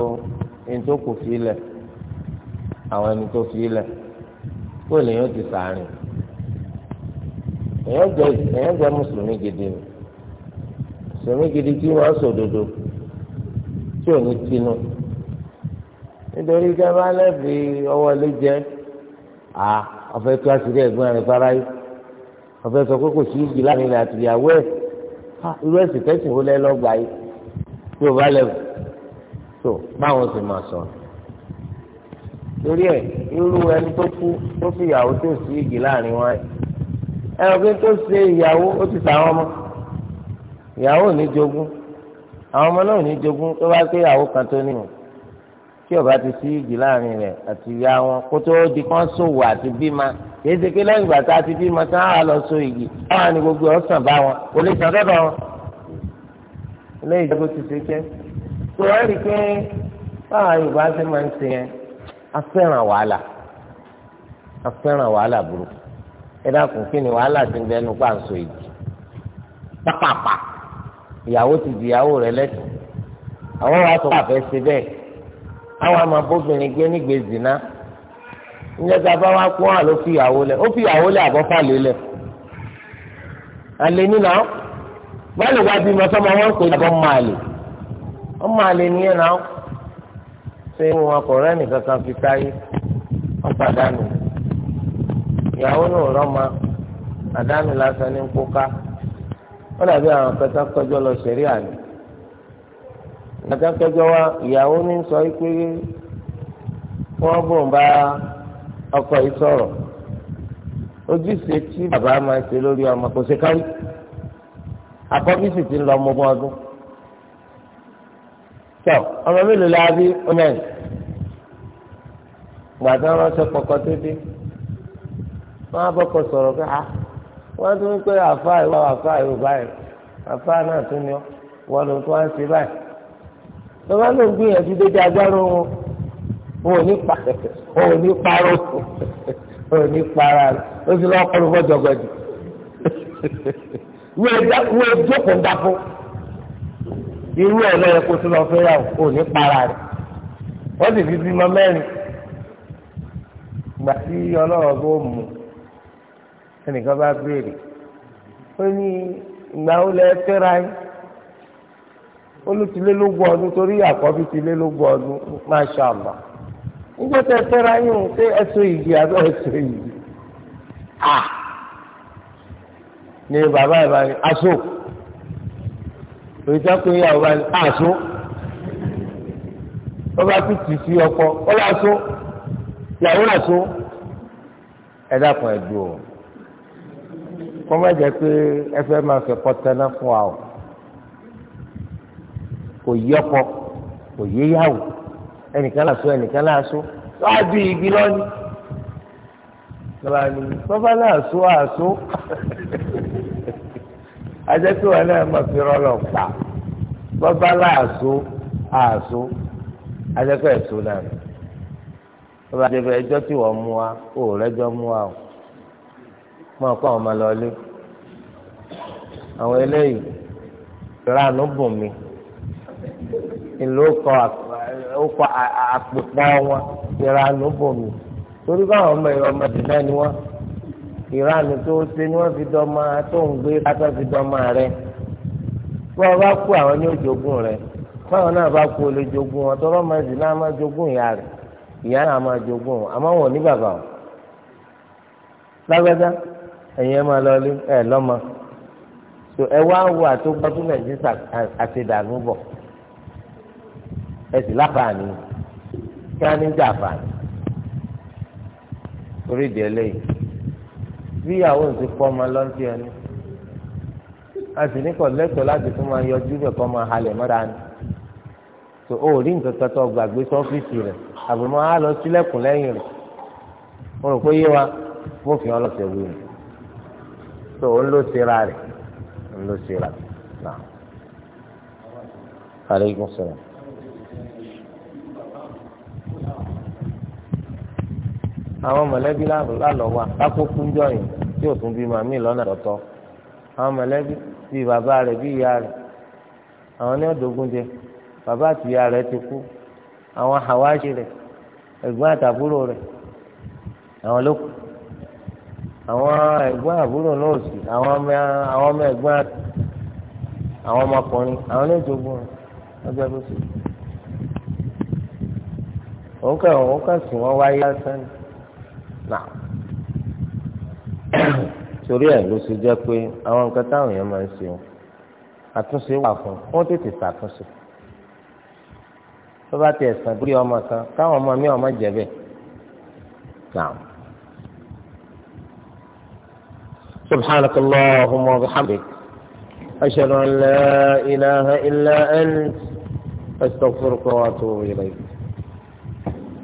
ẹni tó kù fílẹ̀ àwọn ẹni tó fílẹ̀ kó lèèyàn ti sàárín èèyàn jẹ́ mùsùlùmí gidi ni mùsùlùmí gidi tí wọ́n sọ tí ò ní tinú nítorí jẹ́ bá ọwọ́ lé à ọ̀fẹ́ tó àṣírí ẹ̀gbọ́n rẹ̀ fara yìí ọ̀fẹ́ sọ pé kò sí ìjì láàrin rẹ̀ àtìyàwó ẹ̀ irú ẹ̀sìn tẹ̀sìn ó lẹ́ yìí tí o bá lẹ́wọ̀ tó báwọn sì máa sọ. torí ẹ̀ irú ẹni tó kú tó fi ìyàwó tó sí ìjì láàrin wọn ẹ̀ ọ̀fẹ́ tó ṣe ìyàwó ó ti tàwọn ọmọ ìyàwó ò ní jogún àwọn ọmọ náà ò ní jogún tó bá pé ìyàwó kan tó nínú tí ọba ti sí ìjì láàrin rẹ̀ àti ìyá wọn kó tó di kán sòwò àti bímọ kìí ṣe pé lẹ́yìn ìgbà tá a ti bímọ tá a lọ so ìjì báwa ni gbogbo ọsàn bá wọn kò lè sàn dọdọ wọn lẹ́yìn ìjọba ti ṣe jẹ tó ẹ rí i pé báwa yorùbá ṣe máa ń ṣe yẹn a fẹ́ràn wàhálà a fẹ́ràn wàhálà burúkú ẹ dákun kí ni wàhálà ti ń bẹnu pa ń so ìjì pápápá ìyàwó ti di ìyàwó rẹ̀ lẹ́sìn àwọn wa sọ pé àfẹ́ ṣe bẹ́ẹ̀ àwọn àmàbóbìnrin gbé nígbè zina níjọba bá wá kó hàn ló fi ìyàwó lẹ ó fi ìyàwó lẹ àbọ̀fà lé lẹ alẹ́ nínà báyìí bí sọmọ wọn pè lọ́bọ̀ máa lè wọ́n máa lè nìyẹn náà ṣé wọn kò rẹ́ni kankan fi táyé wọ́n pàdánù ìyàwó náà àdánù lásán ní dàbí àwọn adákẹ́jọ́ wa ìyàwó ní sọ pé wọ́n bò ń bá ọkọ yìí sọ̀rọ̀ ojúṣe tí bàbá máa ṣe lórí ọmọ kò ṣe kárí àkọ́bí sì ti ń lọ ọmọ ọdún tọ ọmọ mélòó la bí ọmọdé gbàdá ránṣẹ́ kọkọ tó dé wọn á bọkọ sọ̀rọ̀ pé a ah! wọn tún ń pè àfáà ìwọ àfáà ìwọ báyìí àfáà náà tún ni wọn lòun tún á ń ṣe báyìí. na náà ń gbìyànjú dédé agbára wọn wọn ò ní pa wọn ò ní parọ́ wọn ò ní para ó sì lọ́ọ́ kọ́lu fọ́jọ́gbẹ́dì wọ́n jókòó dáko irú ẹ̀ lọ́yẹ kó fẹ́ yà ò ní para rẹ̀ wọ́n sì fi olùtìlélógún ọdún torí àkọ́bí tìlélógún ọdún masha allah nígbà tẹ fẹ́ra yín ṣé ẹ̀sọ́ ìdí àbẹ́ ẹ̀sọ́ ìdí à ní bàbá ìbá ni aṣọ òrìṣàkùn ìyàwó bá ní aṣọ bàbá tún tì sí ọkọ ọlọ́ aṣọ ìyàwó aṣọ ẹ dákun ẹ dùn o kọ́mọ́jẹ pé ẹ fẹ́ máa fẹ́ kọ́ tẹ́ná fún wa o kò yọkọ kò yéyàwó ẹnìkan láṣọ ẹnìkan láṣọ láàbí igi lọ́ni bàbá láṣọ àṣọ ajẹ́pẹ́ wọn náà mọ̀ fi rọ́lọ̀ pa bàbá láṣọ àṣọ ajẹ́pẹ́ ẹ̀ṣọ́ náà bàbá àjẹbẹ́ ẹjọ́ tí wọ́n mú wa ó rẹ́jọ́ mú wa o mọ̀ ọ́ àwọn ọmọ lọ àwọn eléyìí ránù bùn mi. ìlú kọ àpòpọ̀ wọn ìranù bòmí torí káwọn ọmọ ìrọ̀ ọmọ ìdílé ni wọn ìranù tó ṣe ni wọn fi dọ́mọ tó ń gbé kátó fi dọ́mọ rẹ bọ́ ọ bá kú àwọn ní òjògùn rẹ báwọn náà bá kú olè jogún wọn tọrọ máa dì náà máa jogún ìyá rẹ ìyá náà máa jogún wọn ní bàbá o ẹ máa lọ ẹsì láǹfààní kí wọn ní jà fààní orí ìdí eléyìí bí ìyàwó ti pọ́ ọmọ lọ́ntì ẹni a sì ní kọ̀ lẹ́tọ̀ọ́ láti tún máa yọjú bẹ̀ kọ́ máa halẹ̀ mọ́ra ni tó o rí nǹkan kan tó gbàgbé sọ́fíìsì rẹ̀ àbùmọ́ á lọ sílẹ̀kùn lẹ́yìn rẹ̀ mo rò pé yé wa wí tó o ń lọ síra rẹ̀ ń lọ síra náà. àwọn mọ̀lẹ́bí lálọ́ wa lákòókò ń jọ yìí tí ò tún bí màmí lọ́nà tọ̀tọ̀ àwọn mọ̀lẹ́bí bíi bàbá rẹ̀ bíi ìyá rẹ̀ àwọn ní ọ̀dọ́gún jẹ bàbá àti ìyá rẹ̀ ti kú àwọn àwáṣe rẹ̀ ẹ̀gbọ́n àtàbúrò rẹ̀ àwọn ló kù àwọn ẹ̀gbọ́n àbúrò náà sì àwọn ọmọ ẹ̀gbọ́n àwọn ọmọkùnrin àwọn ní ìjogún ọjọ́ bó ṣe òun kàn òun kàn sì wọ́n wáyé lásán ni náà torí ẹ̀ ló ṣe jẹ́ pé àwọn nǹkan táwọn èèyàn máa ń ṣe àtúnṣe wà fún wọn tètè ṣàtúnṣe tó bá ti ẹ̀sán bí ọmọ kan káwọn ọmọ mi ọmọ jẹ bẹ́ẹ̀ náà. سبحانك اللهم وبحمدك أشهد أن لا إله إلا أنت أستغفرك وأتوب إليك